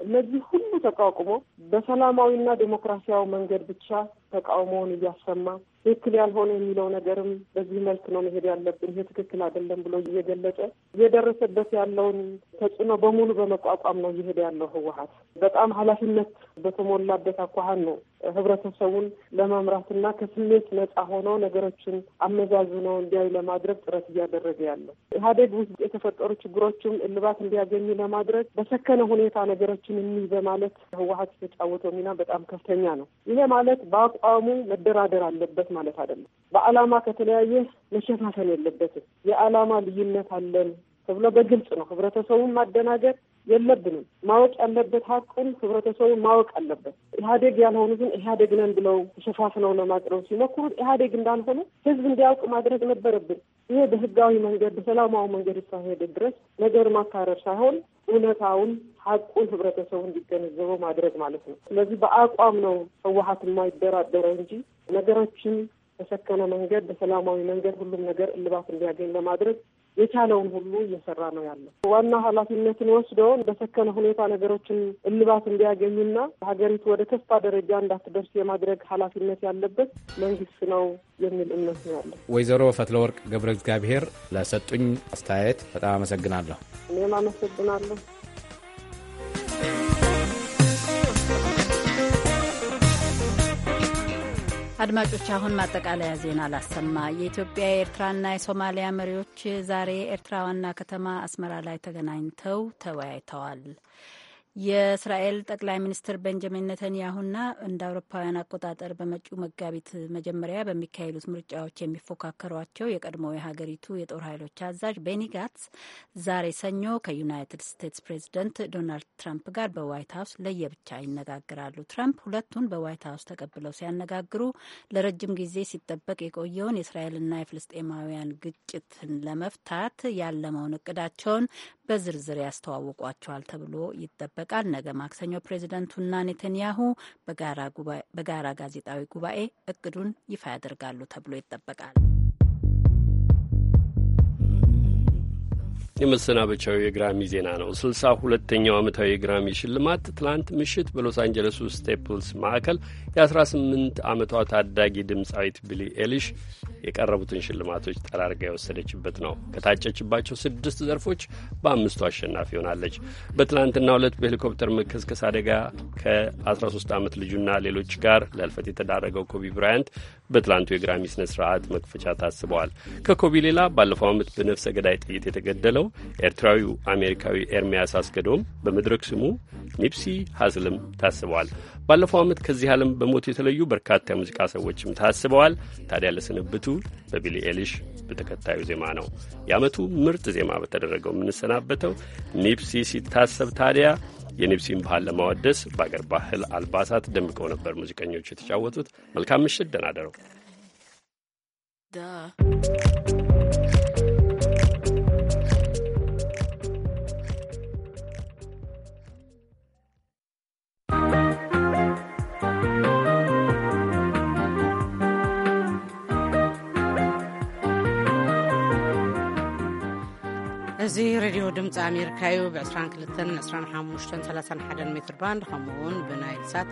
እነዚህ ሁሉ ተቋቁሞ በሰላማዊና ዴሞክራሲያዊ መንገድ ብቻ ተቃውሞውን እያሰማ ትክክል ያልሆነ የሚለው ነገርም በዚህ መልክ ነው መሄድ ያለብን፣ ይሄ ትክክል አይደለም ብሎ እየገለጸ እየደረሰበት ያለውን ተጽዕኖ በሙሉ በመቋቋም ነው እየሄደ ያለው ህወሀት። በጣም ኃላፊነት በተሞላበት አኳኋን ነው ህብረተሰቡን ለመምራትና ከስሜት ነጻ ሆኖ ነገሮችን ነው እንዲያይ ለማድረግ ጥረት እያደረገ ያለው ኢህአዴግ ውስጥ የተፈጠሩ ችግሮችም እልባት እንዲያገኙ ለማድረግ በሰከነ ሁኔታ ነገሮችን እኒ በማለት ህወሀት የተጫወተው ሚና በጣም ከፍተኛ ነው። ይሄ ማለት በአቋ አቋሙ መደራደር አለበት ማለት አይደለም። በዓላማ ከተለያየ መሸፋፈን የለበትም። የዓላማ ልዩነት አለን ተብሎ በግልጽ ነው ህብረተሰቡን ማደናገር የለብንም። ማወቅ ያለበት ሀቁን ህብረተሰቡ ማወቅ አለበት። ኢህአዴግ ያልሆኑትን ኢህአዴግ ነን ብለው ተሸፋፍነው ለማቅረብ ሲሞክሩት ኢህአዴግ እንዳልሆነ ህዝብ እንዲያውቅ ማድረግ ነበረብን። ይሄ በህጋዊ መንገድ በሰላማዊ መንገድ እስካሄደ ድረስ ነገር ማካረር ሳይሆን እውነታውን ሀቁን ህብረተሰቡ እንዲገነዘበው ማድረግ ማለት ነው። ስለዚህ በአቋም ነው ህወሀት የማይደራደረው እንጂ ነገሮችን በሰከነ መንገድ በሰላማዊ መንገድ ሁሉም ነገር እልባት እንዲያገኝ ለማድረግ የቻለውን ሁሉ እየሰራ ነው ያለው። ዋና ኃላፊነትን ወስዶ በሰከነ ሁኔታ ነገሮችን እልባት እንዲያገኙና ሀገሪቱ ወደ ከፋ ደረጃ እንዳትደርስ የማድረግ ኃላፊነት ያለበት መንግስት ነው የሚል እምነት ነው ያለ። ወይዘሮ ፈትለ ወርቅ ገብረ እግዚአብሔር ለሰጡኝ አስተያየት በጣም አመሰግናለሁ። እኔም አመሰግናለሁ። አድማጮች አሁን ማጠቃለያ ዜና ላሰማ። የኢትዮጵያ የኤርትራና የሶማሊያ መሪዎች ዛሬ ኤርትራ ዋና ከተማ አስመራ ላይ ተገናኝተው ተወያይተዋል። የእስራኤል ጠቅላይ ሚኒስትር ቤንጃሚን ነተንያሁና እንደ አውሮፓውያን አቆጣጠር በመጪው መጋቢት መጀመሪያ በሚካሄዱት ምርጫዎች የሚፎካከሯቸው የቀድሞ የሀገሪቱ የጦር ኃይሎች አዛዥ ቤኒ ጋትስ ዛሬ ሰኞ ከዩናይትድ ስቴትስ ፕሬዚደንት ዶናልድ ትራምፕ ጋር በዋይት ሀውስ ለየብቻ ይነጋገራሉ። ትራምፕ ሁለቱን በዋይት ሀውስ ተቀብለው ሲያነጋግሩ ለረጅም ጊዜ ሲጠበቅ የቆየውን የእስራኤልና የፍልስጤማውያን ግጭትን ለመፍታት ያለመውን እቅዳቸውን በዝርዝር ያስተዋውቋቸዋል ተብሎ ይጠበቃል። ይጠበቃል። ነገ ማክሰኞ ፕሬዚደንቱና ኔተንያሁ በጋራ ጋዜጣዊ ጉባኤ እቅዱን ይፋ ያደርጋሉ ተብሎ ይጠበቃል። የመሰናበቻው የግራሚ ዜና ነው። ስልሳ ሁለተኛው ዓመታዊ የግራሚ ሽልማት ትላንት ምሽት በሎስ አንጀለስ ውስጥ ስቴፕልስ ማዕከል የ18 ዓመቷ ታዳጊ ድምፃዊት ቢሊ ኤሊሽ የቀረቡትን ሽልማቶች ጠራርጋ የወሰደችበት ነው። ከታጨችባቸው ስድስት ዘርፎች በአምስቱ አሸናፊ ሆናለች። በትናንትናው ዕለት በሄሊኮፕተር መከስከስ አደጋ ከ13 ዓመት ልጁና ሌሎች ጋር ለልፈት የተዳረገው ኮቢ ብራያንት በትላንቱ የግራሚ ስነ ስርዓት መክፈቻ ታስበዋል። ከኮቢ ሌላ ባለፈው ዓመት በነፍሰ ገዳይ ጥይት የተገደለው ኤርትራዊው አሜሪካዊ ኤርሚያስ አስገዶም በመድረክ ስሙ ኒፕሲ ሀስልም ታስበዋል። ባለፈው ዓመት ከዚህ ዓለም በሞት የተለዩ በርካታ የሙዚቃ ሰዎችም ታስበዋል። ታዲያ ለስንብቱ በቢሊ ኤሊሽ በተከታዩ ዜማ ነው የዓመቱ ምርጥ ዜማ በተደረገው የምንሰናበተው። ኒፕሲ ሲታሰብ ታዲያ የኒፕሲን ባህል ለማወደስ በአገር ባህል አልባሳት ደምቀው ነበር ሙዚቀኞች የተጫወቱት። መልካም ምሽት፣ ደህና እዚ ሬድዮ ድምፂ ኣሜሪካ እዩ ብ22 25 31 ሜትር ባንድ ከምኡውን ብናይል ሳት